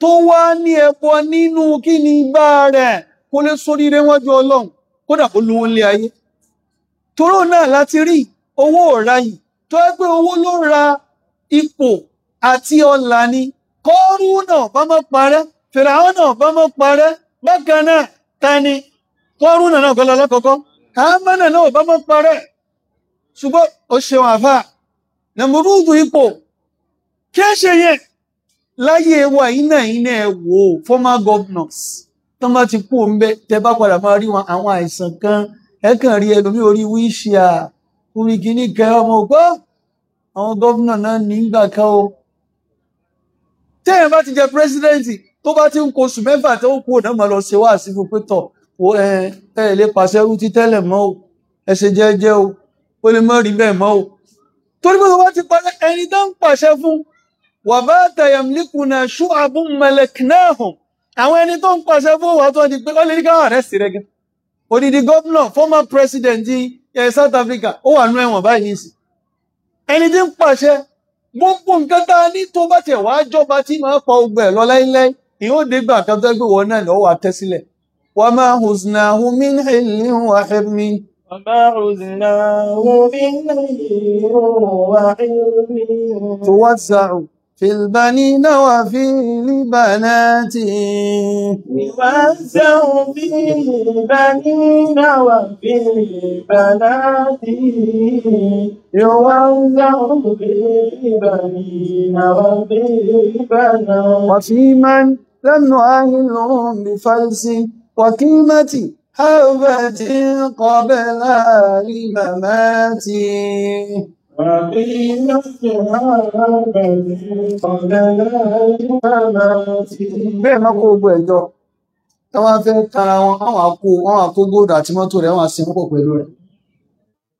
tó wá ní ẹbọ nínú kí ni igbá rẹ̀ kó lè soríire wájú Ọlọ́run kódà kó lówó nílé ayé toró náà láti rí owó ọ̀ra yìí tó yẹ pé owó ló ra ipò àti ọlà ni kọ́ọ́rù náà bá mọ́ parẹ́ fìràwọ́n náà bá mọ́ parẹ́ bákan náà ta ni kọ́ọ́rù náà náà gọ́lá lákọ̀ọ́kọ́ àmọ́ náà náà bá mọ́ parẹ́ ṣùgbọ́n ó ṣeun àfà nàmúrúdù ipò kí ẹ ṣe yẹn láyé wa iná iná ẹ wò former governors tó bá ti kú òǹbẹ tẹ bá padà máa rí wọn àwọn àìsàn kan ẹ kàn rí ẹlòmíì orí wíṣíà orí kìíní kẹ ọmọ ògbọ́ àwọn gómìnà náà nígbà kan o téèyàn bá ti jẹ pírẹsidẹ́ǹtì tó bá ti ń kó oṣù mẹ́fà tó kú òun máa lọ ṣe wá sí fún pé tọ̀ ẹ lè pàṣẹ rú ti tẹ́lẹ̀ mọ́ ẹ ṣe jẹ́jẹ́ o ó lè mọ́ rí bẹ́ẹ̀ mọ́ o torí pé wọ́n ti parẹ́ ẹni tó ń pàṣẹ fún wà bá tayamlikuna shu'abun malaknahum àwọn ẹni tó ń pàṣẹ fún wà tó di pé ó lè ní káwọn rẹ̀ sí rẹ̀ gan odidi gómìnà former president eh, South Africa ó wà nú ẹ̀wọ̀n báyìí nìsí ẹni tí ń pàṣẹ gbogbo nǹkan tá a ní tó bá tiẹ̀ wá jọba tí máa pa ogbẹ̀ lọ láíláí ìyóò dégbà kan tó gbé wọn náà lọ́wọ́ àtẹ́sílẹ̀ wàá máa hùsùnà hùmí hìlì wàhẹ́mí وما عزناه بالغير وعلم توزع في البنين وفي البنات يوزعوا في البنين وفي البنات يوزعوا في البنين وفي البنات وفي من لم نؤهلهم بفلس وقيمة هوبة قبل لمماتي وفي kó gbogbo ẹ̀jọ́ táwọn afẹ́ tara wọn àwọn àkó àwọn àkó góòdù àti mọ́tò rẹ̀ wọ́n á sin púpọ̀ pẹ̀lú rẹ̀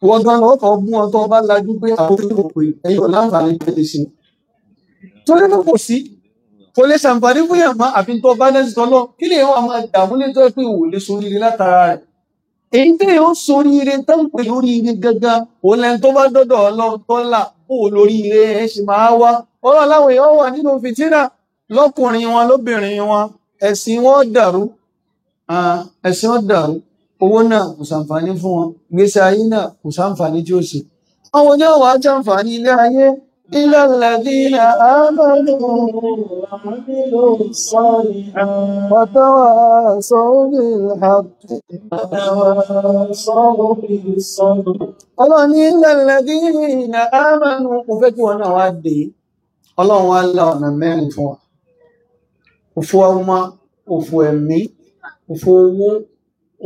wọ́n gan lọ́wọ́ kan bú wọn tó bá lajú pé àwọn tó ń lò ẹ̀yọ̀ láǹfààní tẹ̀lé sí torí ló kò sí kò lè ṣàǹfààní fún yàmá àfi balance bá dẹ́sí tọ́lọ́ kí lè wọ́n máa dààmú lè tọ́ pé ìwò lè soríire látara rẹ̀ èyí tí yóò soríire tó ń pè lórí ire gangan òun lẹ́ni tó bá dọ́dọ̀ ọlọ́run tó là kó lórí ire ẹ̀ ṣì máa wá ọ̀rọ̀ láwọn èèyàn wà nínú fìtínà lọ́kùnrin wọn lóbìnrin wọn ẹ̀sìn wọn dàrú ẹ̀sìn wọn dàrú owó náà kò ṣàǹfààní fún wọn ìgbésí ayé náà kò ṣàǹfààní tí ó ṣe àwọn oníwàá jàǹfààní ilé ayé إلى الذين آمنوا وعملوا الصالحات وتواصوا بالحق وتواصوا بالصبر Ọlọ́run ní الذين آمنوا kò fẹ́ kí wọn náà wá dé Ọlọ́run wá la ọ̀nà mẹ́rin fún wa òfò ọmọ òfò ẹ̀mí òfò owó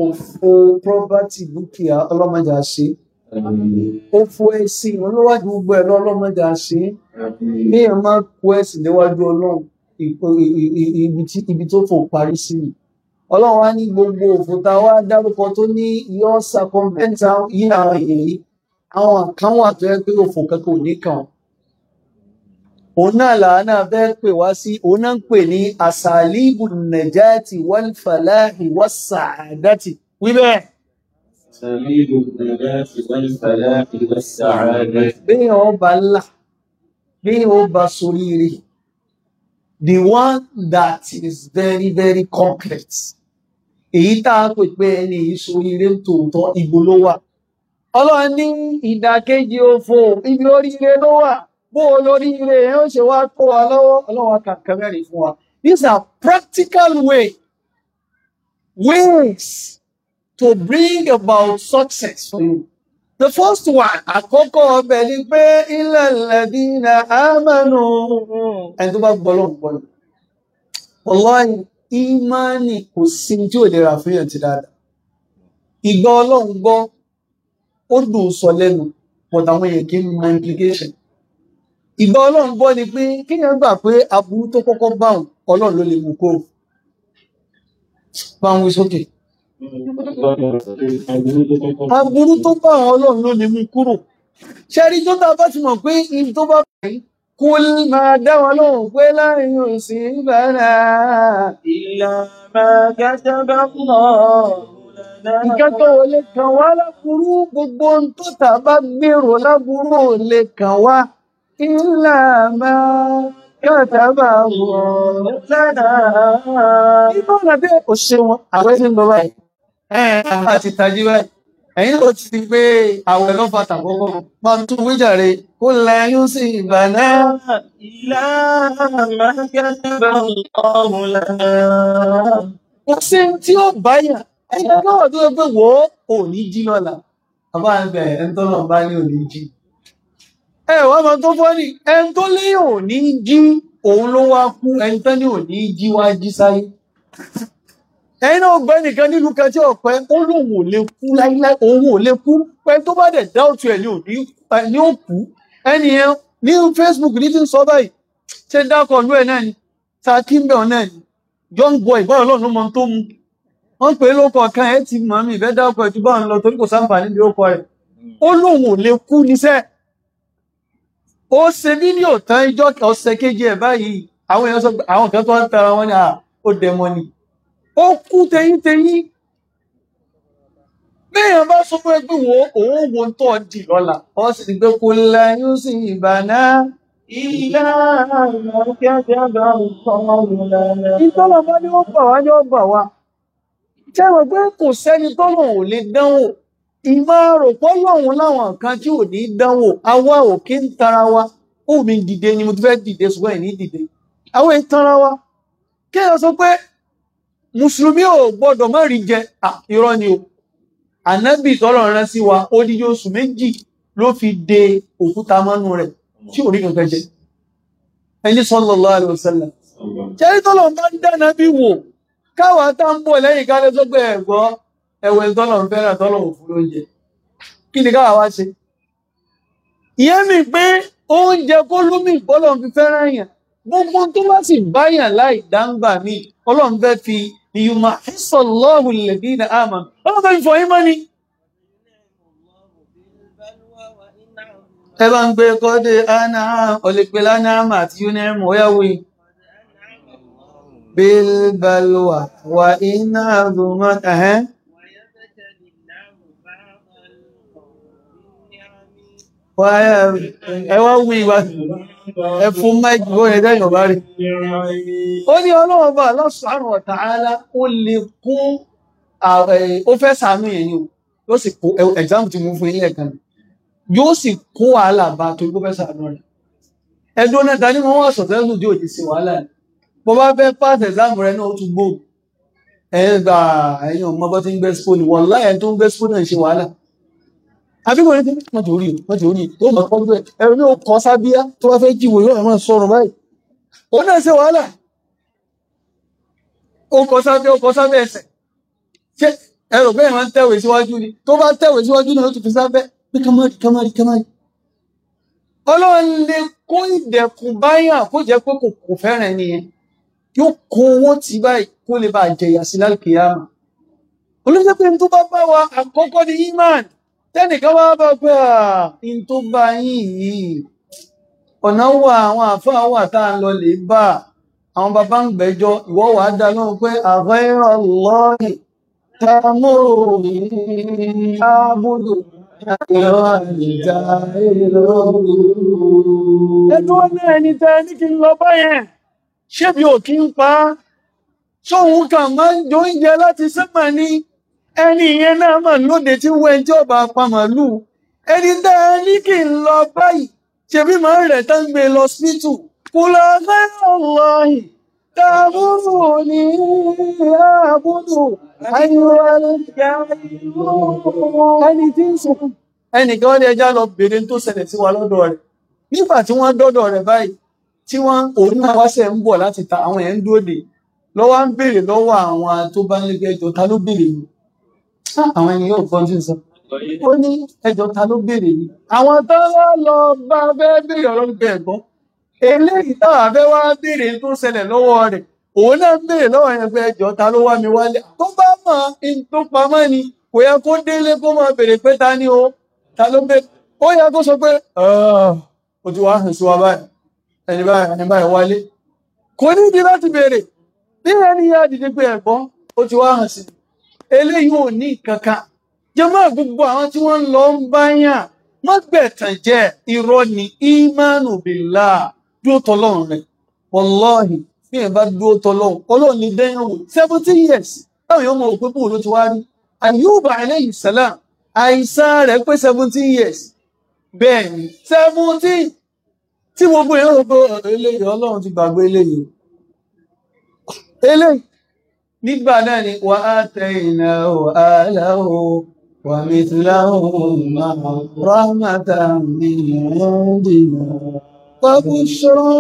òfò property dúkìá ọlọ́mọdé àṣẹ ó fọ ẹ̀sìn olówájú gbogbo ẹ̀ lọ́lọ́mọdé àṣẹ ní ẹ̀ máa kó ẹ̀sìn léwájú ọlọ́run ibi tó fò parí sí i ọlọ́run wá ní gbogbo òfúta wá dárúkọ tó ní yọ sàkọ́ńpẹ́ntà yí àwọn èèyàn yìí àwọn kan wà tó yẹ pé òfò kankan ò ní kàn òun náà làánà bẹ́ẹ̀ pè wá sí òun náà ń pè ní asalibu najati wal falahi was saadati wíbẹ́ẹ̀. سبيل النجاة والفلاح والسعادة The one that is very very complex. Èyí tá a pè pé ẹni yìí ṣoríire tòótọ́ ìbò ló wà. Ọlọ́run ní ìdàkejì òfò ibi oríire ló wà. Bó o lórí ire ẹ̀ ń ṣe wá kó wa lọ́wọ́ ọlọ́wọ́ kàkẹ́rẹ́ rè fún wa. These are practical way. ways to bring about success for you. The first one, àkọ́kọ́ ọbẹ̀ ni pé ilẹ̀ lẹ́bí na àmànù ẹni tó bá gbọ́lọ̀ gbọ́lọ̀. Ọlọ́run ìmánì kò sí tí ò lera fún yàn ti dáadáa. Ìgbà ọlọ́run gbọ́, ó dùn sọ lẹ́nu, but àwọn èèyàn kì í mọ implication. Ìgbà ọlọ́run gbọ́ ni pé kí yẹn gbà pé aburú tó kọ́kọ́ bá ọlọ́run ló lè mú kó. Báwọn wí aburú tó bá àwọn ọlọ́run ló lè mú kúrò ṣẹ́rí tó tá a bá ti mọ̀ pé ibi tó bá bẹ̀rẹ̀ kó máa dá wọn lóhùn pé láàrin ò sí bàrà ìlànà tó ò lè wá láburú gbogbo ohun tó tà bá gbèrò láburú lè kàn wá ìlànà gàdàbà pọ̀ lánàá. bí bọ́ọ̀nà bẹ́ẹ̀ kò ṣe wọn àwọn ẹni lọ báyìí a ti tají báyìí ẹ̀yin náà ti di pé àwẹ̀ ló fa tàkókò pàtó wíjàre kó lẹ́yìn sí ìbànú. ìlà màkẹ́tẹ́ bá ń kọ́ mu lẹ́nu. kò sí tí ó báyà ẹ̀yà náà tó yẹ pé wò ó kò ní jí lọ́la. bàbá ń bẹ̀ ẹ̀ ń tọ́nà bá ní òní jí. ẹ wá máa tó fọ́ ni ẹni tó lé òní jí òun ló wá kú ẹni tó ní òní jí wá jí sáyé ẹ̀yin náà gbẹ́ nìkan nílùú kan tí ọ̀pẹ ó lóun ò lè kú láíláí òun ò lè kú pẹ́ tó bá dẹ̀ dá òtún ẹ̀ ní ò kú ẹni yẹn ní Facebook ní ti ń sọ báyìí ṣé ń dákọ̀ ọ̀nú ẹ̀ náà ni ta kí ń bẹ̀ ọ̀ náà ni young boy báyọ̀ lọ́nà mọ tó mu wọ́n pè é lóko kan ẹ̀ ti mọ̀ mí ìfẹ́ dákọ̀ ẹ̀ ti bá ń lọ torí kò sáǹfààní ní orúkọ rẹ̀ ó lóun ò lè kú níṣẹ́ ó ṣe fídíò tán ìjọ ọ̀sẹ̀ kejì ẹ̀ báyìí àwọn èèyàn sọ àwọn kan tó ń tara wọn ni ó dẹ̀ mọ́ ni ó kú tẹyín tẹyín bá sọ fún ẹgbẹ́ wo òun wo tó ọ lọ́la ọ sì gbé kó sí ìbànú ìtọ́lọ̀ bá ní wọ́n bà wá ní wọ́n bà pé kò sẹ́ni tọ́lọ̀ ò lè dánwò ìmọ̀ ni mo ti fẹ́ dìde ṣùgbọ́n dìde àwọn ìtara wa sọ mùsùlùmí ò gbọ́dọ̀ má rí jẹ irọ́ ni o ànábì tọ́lọ̀ rán sí wa odidi oṣù méjì ló fi de òkúta mọ́nú rẹ̀ tí ò rí kankan jẹ ẹni sallallahu alaihi wasallam jẹ́rí tọ́lọ̀ bá ń dáná bí wò káwà tá ń bọ̀ lẹ́yìn ká lẹ́sọ́gbẹ̀ ẹ̀gbọ́ ẹ̀wẹ̀ tọ́lọ̀ ń fẹ́ràn tọ́lọ̀ òfin lóúnjẹ kí ni káwà wá ṣe ìyẹn mi pé oúnjẹ kó lómi ìbọ́lọ̀ fi fẹ́ràn èèyàn gbogbo tó bá sì báyàn láì dáńgbà mi ọlọ́run fẹ́ fi ìyùmọ̀ àfẹ́sọ̀lọ́hù lẹ̀bí ní àmà ọlọ́run fẹ́ fi fọ ìmọ̀ ni. ẹ bá ń gbé kọ́dé anáhàm ọ̀lẹ́pẹ̀ lánàámà àti yúnẹ́mù ọ̀yáwó yìí. bílbalùwà wà iná àgùnmọ́ ẹ̀hẹ́n. wáyà ẹ wá wí ìwádìí ẹ̀fún mẹ́jọ yẹn dẹ́yìn ọba rí. ó ní ọlọ́run bá Allah subhanahu wa ta'ala ó lè kún ó fẹ́ sàánú yẹn ni o yóò sì kó exam ti mú fún yín lẹ́ẹ̀kan yóò sì kó wàhálà bá torí kó fẹ́ sàánú rẹ̀. ẹ̀dùn ọ̀nà ta ni wọ́n wà sọ̀tẹ́ lù dí òjì sí wàhálà ni bó bá fẹ́ pass exam rẹ̀ náà ó tún gbòòrò ẹ̀yin gbà ẹ̀yin ọmọ bó ti ń gbé spoon wọ̀lá ẹ̀ tó ń gbé spoon náà ń ṣe wàhálà àbíkò ní wọ́n ti orí o wọ́n ti orí o yóò máa kọ́ bẹ́ẹ̀ ẹ̀rọ ní o kọ́ sábíá tó bá fẹ́ jíwò yóò máa sọ̀rọ̀ báyìí òun náà ṣe wàhálà ó kọ́ sábẹ́ ó kọ́ sábẹ́ ẹsẹ̀ ṣé ẹ̀rọ bẹ́ẹ̀ máa ń tẹ̀wé síwájú ni tó bá tẹ̀wé síwájú ni ó ti fi sábẹ́ pé kámárì kámárì kámárì. ọlọ́run lè kó ìdẹ̀kùn báyà kó jẹ́ pé kò kò fẹ́ràn ẹni yẹn yóò kó owó tì báyìí kó lè bá jẹyà sí lálùkìyàmà olóṣèpẹ̀ tó bá bá wa àkọ́kọ́ tẹ́nìkan wá bọ́ pé in tó bá yín yìí ọ̀nà wà àwọn àfáà wà tá à ń lè bá àwọn bàbá ń gbẹ́jọ́ ìwọ á dá lọ pé àfẹ́rọ̀ lọ́ọ̀rì tamuru abudu ẹdúró ní ẹni tẹ́ ní kí n lọ báyẹn ṣébi pa kà máa ń oúnjẹ láti ni. ẹni ìyẹn náà mà lóde tí wọ́n ẹjọ́ bá pa ẹni tá a ní kí n lọ báyìí ṣebí màá rẹ̀ tá ń gbé lọ síbítù kò lọ fẹ́ ọlọ́hìn tàbúrò ní àbúrò ẹni tí ń sọ ẹnìkan ní ẹjá lọ bèrè tó ṣẹlẹ̀ sí wa lọ́dọ̀ rẹ̀ nígbà tí wọ́n ta àwọn ẹ̀ ń dóde lọ́wọ́ ń lọ́wọ́ àwọn tó bá ń àwọn ẹni yóò gbọ́njú sọ ó ní ẹjọ́ ta ló béèrè yìí àwọn tó lọ bá fẹ́ béèrè ọ̀rọ̀ gbẹ ẹ̀gbọ́n eléyìí táwọn afẹ́ wá béèrè tó ṣẹlẹ̀ lọ́wọ́ rẹ̀ òun náà béèrè lọ́wọ́ yẹn pé ẹjọ́ ta ló wá mi wálé tó bá mọ̀ in tó pamọ́ ni kò yẹ kó délé kó máa béèrè pé ta ni o ta ló béèrè ó yẹ kó sọ pé ó ti wá hàn sí wa báyìí ẹni báyìí ẹni báyìí wálé kò ní ìdí láti béèrè bí ẹni yá dìde pé ẹ̀gbọ́n ó ti wá hàn sí mi eléyìí ò ní kankan jẹmọ́ gbogbo àwọn tí wọ́n ń lọ ń báyàn wọ́n gbẹ̀tàn jẹ́ irọ́ ni imanu bìlá dúró tọlọ́run rẹ̀ wọlọ́ọ̀hì bí ẹ̀ bá dúró tọlọ́run ọlọ́run ní dẹ́yìn seventeen years táwọn èèyàn mọ̀ pé bóun ló ti wá rí Ayuba alayhi salam àìsàn rẹ̀ pé seventeen years bẹ́ẹ̀ ni seventeen tí gbogbo èèyàn rò pé eléyìí ọlọ́run ti gbàgbé eléyìí eléyìí nígbà náà ni wà á tẹ iná o aláwo wà mí láwo máa rámàtà mi lẹ́dínà kọ́kú ṣọ́rọ́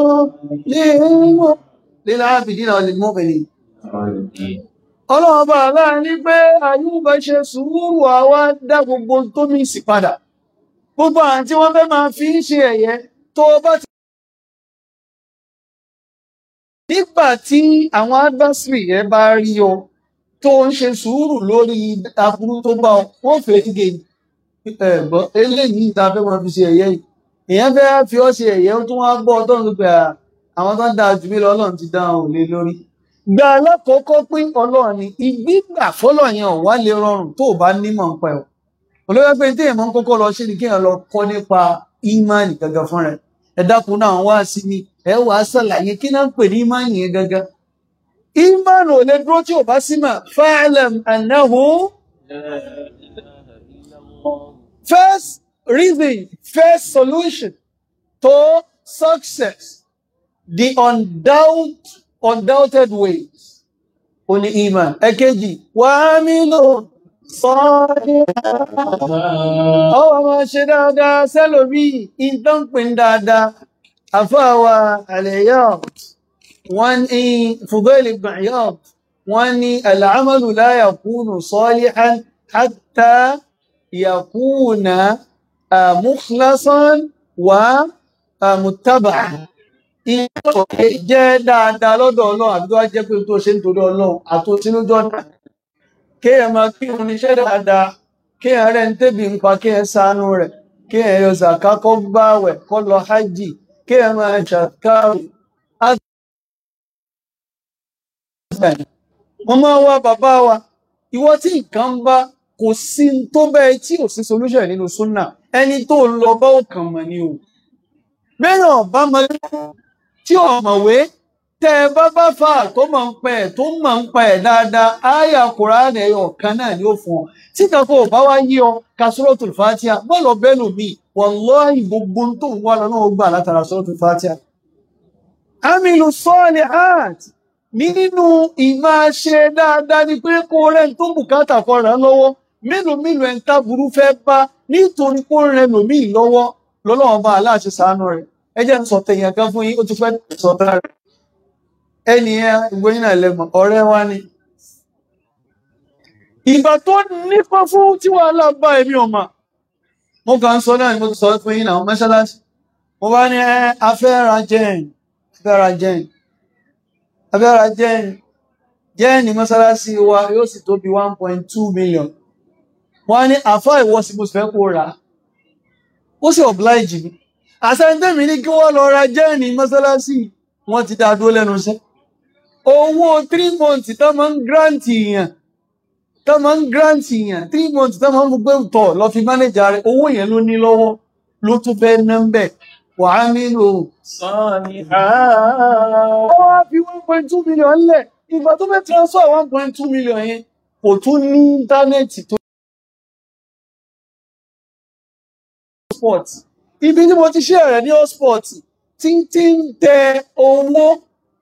léèwọ̀ líláàbìdí náà ni mọ́bìnrin. ọlọ́run bá láàrin pé àyùbá ṣe sùúrù àwa dá gbogbo tó padà gbogbo àǹtí wọ́n fẹ́ máa fi ń ṣe ẹ̀yẹ tó bá ti nígbà tí àwọn adversary ẹ bá rí ọ tó ń ṣe sùúrù lórí aburú tó bá ọ wọn fẹẹ gé ẹgbọ eléyìí ta fẹ́ máa fi ṣe ẹ̀yẹ yìí èèyàn fẹ́ fi ọ ṣe ẹ̀yẹ tó wá gbọ́ ọdọ nípa àwọn tó ń da jù mí lọ Ọlọ́run ti dá òun lé lórí gba alákọ̀ọ́kọ́ pé Ọlọ́run ni ìgbígbà fọlọ́yìn ọ̀wá lè rọrùn tó o bá nímọ̀ nípa ẹ̀ olóyè pé téèyàn máa ń kọ́kọ́ lọ ṣe ni kéèyàn lọ kọ́ nípa ìmánì gangan fúnra ẹ̀ ẹ dákun náà wá sí ni ẹ wà á ṣàlàyé kí náà ń pè ní yẹn gangan ò lè dúró tí ò bá sí mà first reason first solution to success the undoubt undoubted ways only iman. ìmáànì ẹ̀kejì wàá mí lóhùn. Ọwọ́ máa ṣe dáadáa sẹ́lòmí ìdánpin dáadáa. Àfáàwà àlẹ́yọ̀, wọ́n ní Fudail ibn Iyad, wọ́n ní al-amalu la yakunu salihan hatta yakuna mukhlasan wa muttaba'an. Ìjẹ́ dáadáa lọ́dọ̀ Ọlọ́run àbí tó pé tó ṣe nítorí Ọlọ́run àtòsínújọ́ náà. kéèyàn máa kí òun níṣẹ́ dáadáa kéèyàn rẹ̀ ń tẹ̀bí ń pa kéèyàn sánú rẹ̀ kéèyàn yọ zàká kó gbààwẹ̀ kó lọ hajj kéèyàn máa ṣàkàrò wọ́n máa wá bàbá wa ìwọ tí nǹkan ń bá kò sí tó bẹ́ẹ̀ tí ò sí solution nínú Sunna, ẹni tó ń lọ bá òkàn mọ̀ ni o bẹ́ẹ̀ náà bá tí tẹ́ ẹ bá bá fà tó mọ̀ ń pẹ́ tó mọ̀ ń pẹ́ dáadáa àyà kùránì ẹ̀yọ̀ kan náà ni ó fún ọ tí kankan ò bá wá yí ọ ka suratul fatiha má lọ bẹ́ẹ̀lù mi wallahi gbogbo tó ń wá lọ náà ó gbà látara suratul fatiha. amilu salihat nínú ìmáṣe dáadáa ni pé kó rẹ̀ tó bùkátà fọ́ra lọ́wọ́ mélòó mélòó ẹ̀ ń táburú fẹ́ bá nítorí kó rẹ̀ lòmíì lọ́wọ́ lọ́lọ́wọ́ bá aláàṣẹ sàánú rẹ̀ ẹ jẹ́ ń sọ̀tẹ̀yìn kan fún yín ó ti fẹ́ sọ̀tẹ̀ rẹ̀ ẹnìyẹn ìgbóyìn náà lẹ́mọ̀ ọ̀rẹ́ wá ní ìgbà tó nípa fún tí wà lábá èmi ọmọ mo kàn sọ náà ni mo sọ fún yín àwọn mẹ́ṣáláṣí mo bá ní afẹ́ra jẹ́ẹ̀n afẹ́ra jẹ́ẹ̀n afẹ́ra jẹ́ẹ̀n jẹ́ẹ̀n mẹ́ṣáláṣí wa yóò sì tó bí 1.2 million wọ́n ní àfá ìwọ́sí mo sì fẹ́ kó rà ó sì oblige mi àṣẹ ń tẹ́mi ní kí wọ́n lọ ra jẹ́ẹ̀n mẹ́ṣáláṣí wọ́n ti dá dúró lẹ́nu iṣẹ́ owó three months tó máa ń grant yàn tó máa ń grant yàn three months tó máa ń gbé tọ̀ lọ fi mánéjà rẹ̀ owó yẹn ló ní lọ́wọ́ ló tún fẹ́ ná ń bẹ̀ wà á nílò sọ́ọ̀nì àwọn àfi one point two million lẹ̀ ìgbà tó fẹ́ transfer one point two million yẹn kò tún ní íńtánẹ́ẹ̀tì tó. ibi tí mo ti ṣe rẹ̀ ní hotspot tí ń tẹ owó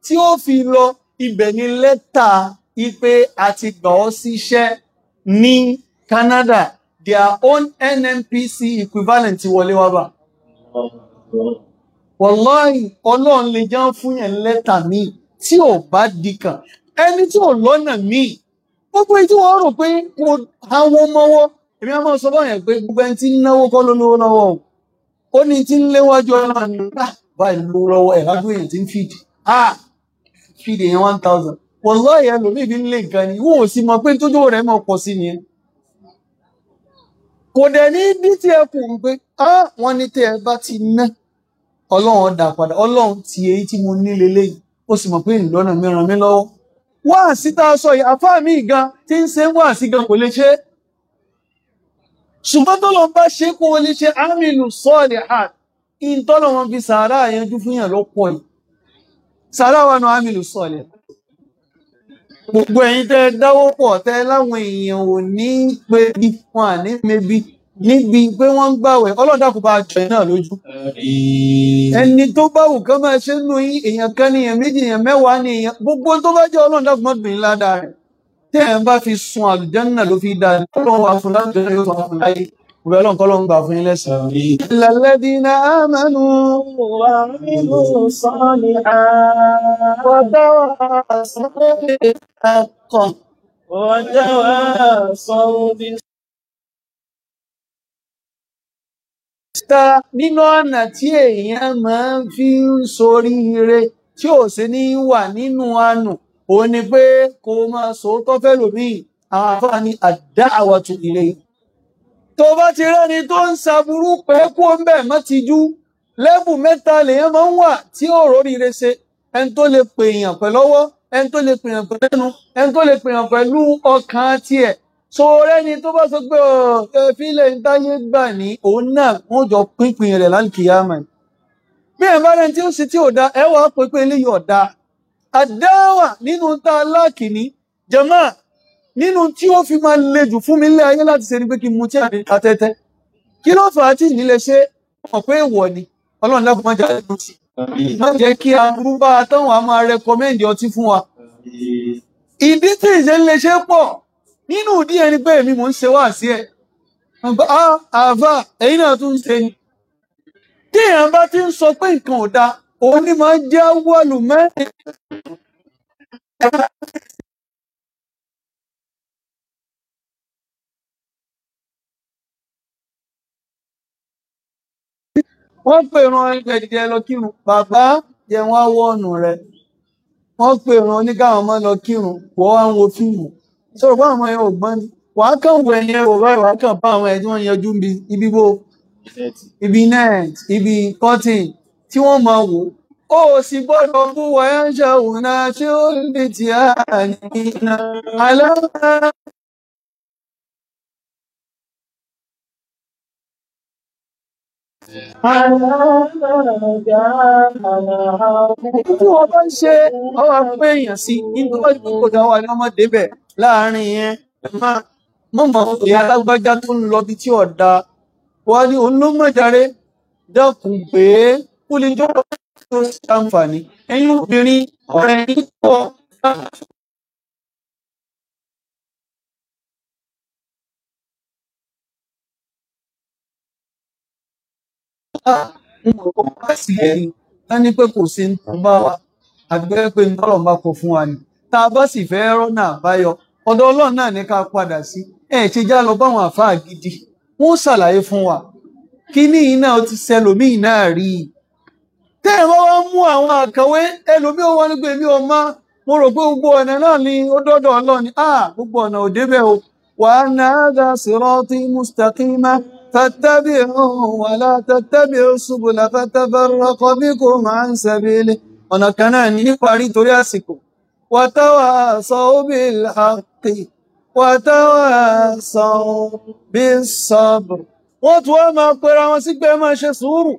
tí ó fi lọ ibẹ̀ ni lẹ́tà ipe àti gbà ọ́ síṣẹ́ ní Canada their own NNPC equivalent wọlé wá bá wọ̀lọ́yìn ọlọ́run lè jẹ́ fún yẹn lẹ́tà míì tí ò bá di bu ẹni tí ò lọ́nà míì gbogbo èyí tí rò pé mo àwọn mọ́wọ́ èmi o ó ní nlewaju ń léwájú ọlọ́run nígbà ah, báyìí lówó lọ́wọ́ ẹ̀ lágbóyè tí ah, fi yẹn one thousand wọláyé ẹlòmíì fi ń lé nǹkan ni wọn ò sì mọ pé tójú rẹ̀ mọ̀ pọ̀ sí nìyẹn kò dẹ̀ ní bí tí ẹ kù ń pé á wọn ní tẹ́ ẹ bá ti ná ọlọ́run dà padà ọlọ́run ti èyí tí mo ní leléyìí ó sì mọ̀ pé ìlọ́nà mi ràn mí lọ́wọ́ wá síta sọ yìí àfáà mi gan tí ń ṣe wá sí gan kò lè ṣe é ṣùgbọ́n tó lọ bá ṣe kó o lè ṣe aminu sọ́ọ̀lì hàn ìtọ́lọ́wọ́n fi sàárà yanjú fún yàn lọ́pọ̀ yìí sàrà wà nù amílù sọ̀lẹ̀ gbogbo ẹ̀yin tẹ́ dáwó pọ̀ tẹ́ láwọn èèyàn ò ní pé bí wọn à ní mebi níbi pé wọ́n ń gbàwẹ̀ ọlọ́dà kò bá jọ náà lójú ẹni tó bá wù kán máa ṣe nù yín èèyàn kan ní èèyàn méjì èèyàn mẹ́wàá ní èèyàn gbogbo tó bá jẹ́ ọlọ́dà má dùn ládàá rẹ̀ tẹ́ ẹ̀ bá fi sun àlùjànnà ló fi dáa ọlọ́run àfúnlájọ náà yóò fún àfúnláyé Ìrọ̀lọ́n kọ́ ló ń gbà fún yín lẹ́sìn. Lẹ́lẹ́dínà mẹ́nu wà nínú sọ́ọ̀nì àwọ̀dá sọ́ọ̀nì ẹ̀kọ́. Wọ́dá wà sọ́ọ̀nì. Ta nínú ọ̀nà tí èèyàn máa ń fi ń soríire tí ò sí ní wà nínú àánú, òun ni pé kò máa sòótọ́ fẹ́ àwọn àfáà ní àdá àwọ̀tún ilé yìí tó bá ti rẹ́ni tó ń ṣàbùrú pẹ́ kó ń bẹ̀ mọ́ ti jú lẹ́bù mẹ́ta lèyàn máa ń wà tí ó róríire ṣe ẹni tó lè pèèyàn pẹ̀lọ́wọ́ ẹni tó lè pèèyàn pẹ̀lẹ́nu ẹni tó lè pèèyàn pẹ̀lú ọkàn tiẹ̀ so rẹ́ni tó bá sọ pé ẹ̀fílẹ̀ ń táyé gbà ní òun náà wọ́n jọ pínpín rẹ̀ lálùkìyàmọ̀ bí ẹ̀ bá rẹ́ni tí ó ṣe tí ò da ẹ wàá pé pé eléyìí ọ̀dà àdáwà nínú tá a láàkì ní nínú tí ó fi máa le jù fún mi lé ayé láti ṣe ni pé kí n mu tí àní atẹ́tẹ́ kí ló fà á tí ìnílẹ̀ ṣe mọ̀ pé èèwọ̀ ni ọlọ́run lákòó má jáde lọ sí má jẹ́ kí aburú bá a táwọn a máa rẹkọmẹ́ǹdì ọtí fún wa. ìdí tí ìṣe ń lè ṣe pọ̀ nínú ìdí ẹni pé èmi mò ń ṣe wá sí ẹ àbá ẹ̀yin náà tún ń ṣe ni tí èèyàn bá ti ń sọ pé nǹkan ò dáa òun ni máa ń jẹ́ wọ́ọ̀lù mẹ́rin wọ́n pè ran ẹgbẹ̀dìdẹ lọ kírun bàbá yẹ wọ́n á wọ ọ̀nà rẹ̀ wọ́n pè ran oníkàwọn ọmọ lọ kírun wọ́n á ń wo fíìmù sọ̀rọ̀ bá àwọn ẹ̀yàn ògbọ́n ni wàá kàn wọ ẹ̀yìn ẹ̀rọ báyìí wàá kàn bá àwọn ẹ̀yìn tí wọ́n yanjú ibi bó ibi net ibi cotton tí wọ́n máa wò ó sì gbọ́dọ̀ bú wọ́n ẹ̀ ń ṣàwòrán tí ó lè ti àná aláwọ̀ Tí wọ́n bá ń ṣe ọwọ́ pé èèyàn sí, nígbà tí kò dá wà ní ọmọ débẹ̀ láàárín yẹn, mọ̀ mọ̀ fi alágbájá tó ń lọ bí tí ọ̀dà. Wọ́n ní olómọ̀járe dẹ́kun pé kó tó ṣàǹfààní. Ẹ̀yin obìnrin ọ̀rẹ́ yìí pọ̀ nǹkan bá sì yẹ ká ní pé kò sí nǹkan bá wa àgbẹ̀ pé nǹkan bá kọ fún wa ni tá a bá sì fẹ́ rọ́nà àbáyọ ọ̀dọ̀ ọlọ́run náà ní padà sí ẹ̀ ṣe já lọ báwọn àfáà gidi wọ́n ṣàlàyé fún wa yìí náà ti ṣẹlòmíì náà rí i tẹ́ àwọn àkàwé ẹlòmíì ó wá ní pé pé gbogbo ọ̀nà náà ni ó dọ́dọ̀ ọlọ́run ni gbogbo ọ̀nà o á فاتبعوه ولا تتبعوا السبل فتفرق بكم عن سبيله ọ̀nà kan náà ní níparí torí àsìkò watawasaw bil haqqi watawasaw bis sabr wọ́n tún wọ́n máa pẹ́ra wọn sí pé máa ṣe sùúrù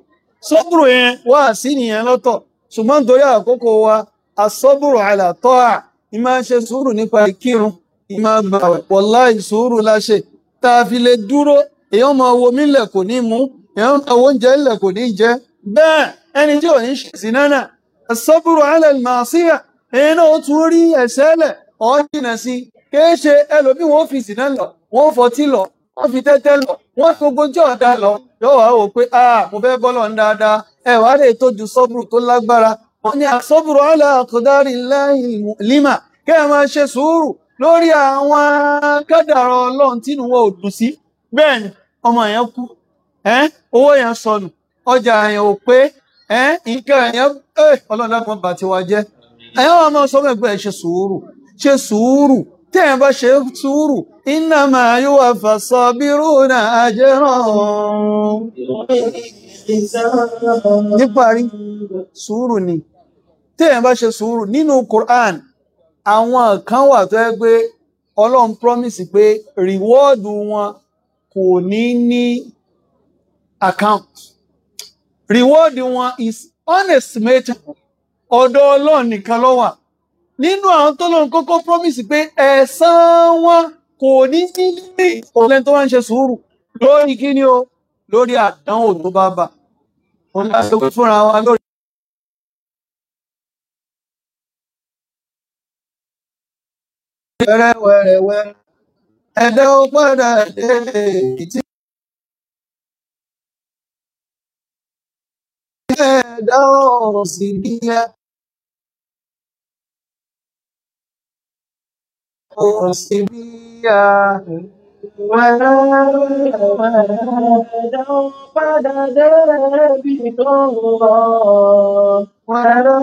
sọ́bùrù yẹn wà sí nìyẹn lọ́tọ̀ ṣùgbọ́n nítorí àkókò wa asọ́bùrù ala ta'a ìmáa ṣe sùúrù nípa ìkírun ìmáa gbàwẹ̀ wallahi sùúrù láṣẹ tá a fi lè dúró èèyàn máa wo mí lẹ̀ kò ní mú èèyàn máa wo oúnjẹ lẹ̀ kò ní jẹ bẹ́ẹ̀ ẹni tí ò ní ṣe sí náà as-sabru ala al-ma'siyah èèyàn náà ó tún rí ẹ̀ṣẹ̀ lẹ̀ ọ́ jìnà sí kìí ṣe ẹlòmíì wọ́n fi sí náà lọ wọ́n fọtí lọ wọ́n fi tẹ́tẹ́ lọ wọ́n gbogbo jọ ọ̀dà lọ yóò wá wò pé ah mo fẹ́ bọ́lọ̀ ń dáadáa ẹ wàá lè tójú sọ́bùrù tó lágbára wọn ò dùn sí bẹ́ẹ̀ ni ọmọ yẹn kú owó yẹn sọnù ọjà yẹn ò pé nǹkan yẹn ọlọ́dà kan bá ti wá jẹ́ ẹ̀yọ́ wọn máa sọ fún ẹgbẹ́ ṣe sùúrù ṣe sùúrù tẹ́yìn bá ṣe sùúrù innama yuwaffa sabiruna ajrahum. níparí sùúrù ni tẹ́yìn bá ṣe sùúrù nínú Quran àwọn kan wà tó yẹ pé Ọlọ́run promise pé rìwọ́ọ̀dù wọn kò ní ní account reward wọn is unestimated. ọ̀dọ̀ ọlọ́run nìkan ló wà nínú àwọn tó lóun kókó promise pé ẹ̀san wọn kò ní ní lílé ọ̀lẹ́ni tó wá ń ṣe sùúrù lórí kí o lórí àdánwò tó bá bà òun láti wí fúnra wa lórí. wẹ́rẹ́ wẹ́rẹ́ wẹ́rẹ́ ẹ̀dá ó padà dé èkìtì. ẹ̀dá ó sì bíyà. ó sì bíyà. Wẹ́rẹ́ wẹ́rẹ́ ẹ̀dá ó padà dé ibi tó ń lọ. Wẹ́rẹ́.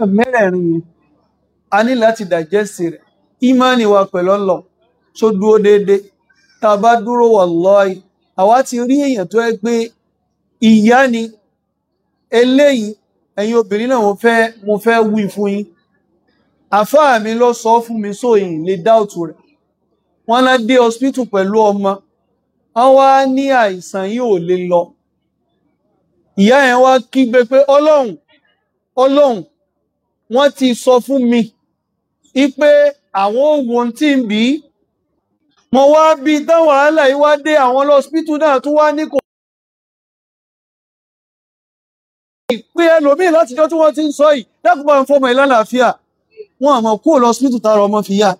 condition mẹ́rẹ̀ẹ̀rin yẹn a ní láti digest rẹ̀ ìmánì wa pẹ̀lú ọlọ tó dúró déédéé tá a bá dúró wallahi àwa ti rí èèyàn tó yẹ pé ìyá ni eléyìí ẹ̀yin obìnrin náà mo fẹ́ mo fẹ́ wí fún yín àfáà mi lọ sọ fún mi sóyìn lè dáùtù rẹ̀ wọ́n lá dé hospital pẹ̀lú ọmọ wọ́n wá ní àìsàn yìí ò lè lọ ìyá yẹn wá kígbe pé ọlọ́run ọlọ́run wọ́n ti sọ fún mi ipe àwọn oògùn tí ń bí mo wá bí tán wàhálà yìí wá dé àwọn lọ́sípítù náà tún wá ní kò pé ẹlòmíì látijọ́ tí wọ́n ti ń sọ yìí dákùnbà ń fọmọ ìlàlàáfíà wọn àmọ́ kó lọ́sípítù tààrà ọmọ fi yá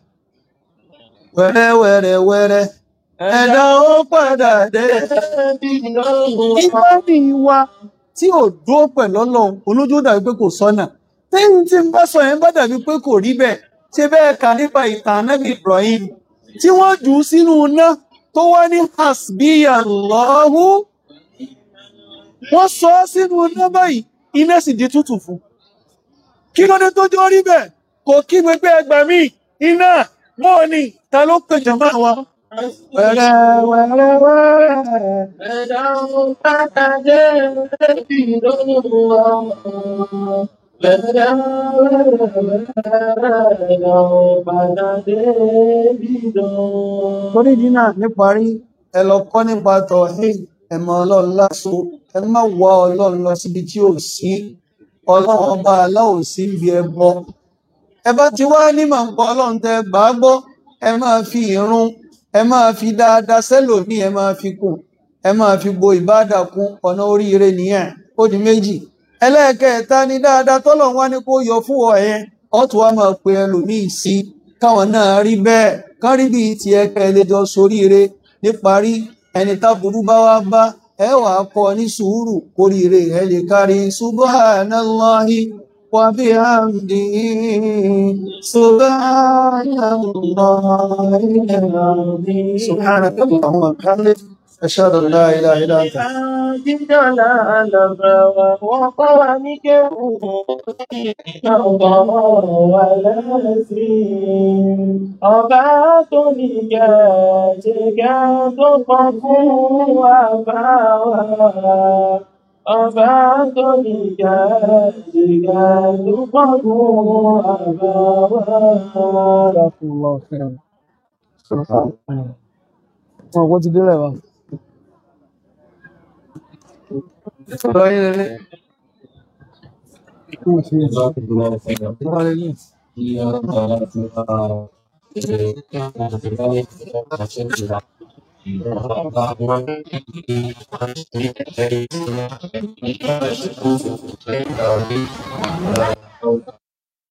wẹ́rẹ́wẹ́rẹ́wẹ́rẹ́ ẹ̀dá ó padà dé ìgbà ní wa tí ò dúró pẹ̀lọ́lọ́ olójú dàbí pé kò sọ́nà tẹ́yìn tí ń bá sọ yẹn bá dàbí pé kò rí bẹ́ẹ̀ ṣe bẹ́ẹ̀ kà nípa ìtàn anábì Ibrahim tí wọ́n jù ú sínú iná tó wá ní hasbiyallahu wọ́n sọ ọ́ sínú iná báyìí iná sì di tútù fún kí ló dé tó jọ rí bẹ́ẹ̀ kò kí gbogbo ẹgbà mí iná mọ́ ni ta ló pè jọmọ́ àwọn wẹ̀rẹ̀ wẹ̀rẹ̀ wẹ̀rẹ̀ ẹ̀dá ọ̀pá torí dínà níparí ẹ lọ kọ́ nípa tọ̀ ẹ mọ ọlọ́run láṣọ ẹ má wá ọlọ́run lọ síbi tí ò sí ọlọ́run ọba aláwò sí ibi ẹ bọ́ ẹ bá ti wá nímọ̀ nǹkan ọlọ́run tẹ bá gbọ́ ẹ máa fi ìrun ẹ máa fi dáadáa sẹ́lòmíì ẹ máa fi kù ẹ máa fi bo ìbádà kún ọ̀nà oríire nìyẹn ó di méjì ẹlẹ́ẹ̀kẹta ni dáadáa tọ́lọ̀ wá ní kó yọ fún ọ ẹ ọ̀tún wa máa pe ẹlòmíì sí káwọn náà rí bẹ́ẹ̀ kán rí bíi ti ẹ̀ka ẹlẹ́jọ́ soríire níparí ẹni táburú bá wá bá ẹ wà kọ ní sùúrù kórìíre rẹ lè kárí subhanallahi wa bihamdihi subhanallahi subhanallahi. أشهد أن لا إله إلا أنت Ọba tó ní gẹ̀ẹ́jẹ̀gẹ́ tó kọ fún àbá wa. Ọba tó ní gẹ̀ẹ́jẹ̀gẹ́ tó kọ fún àbá wa. Ṣé ọ̀pọ̀ ti délẹ̀ wa? Terima kasih.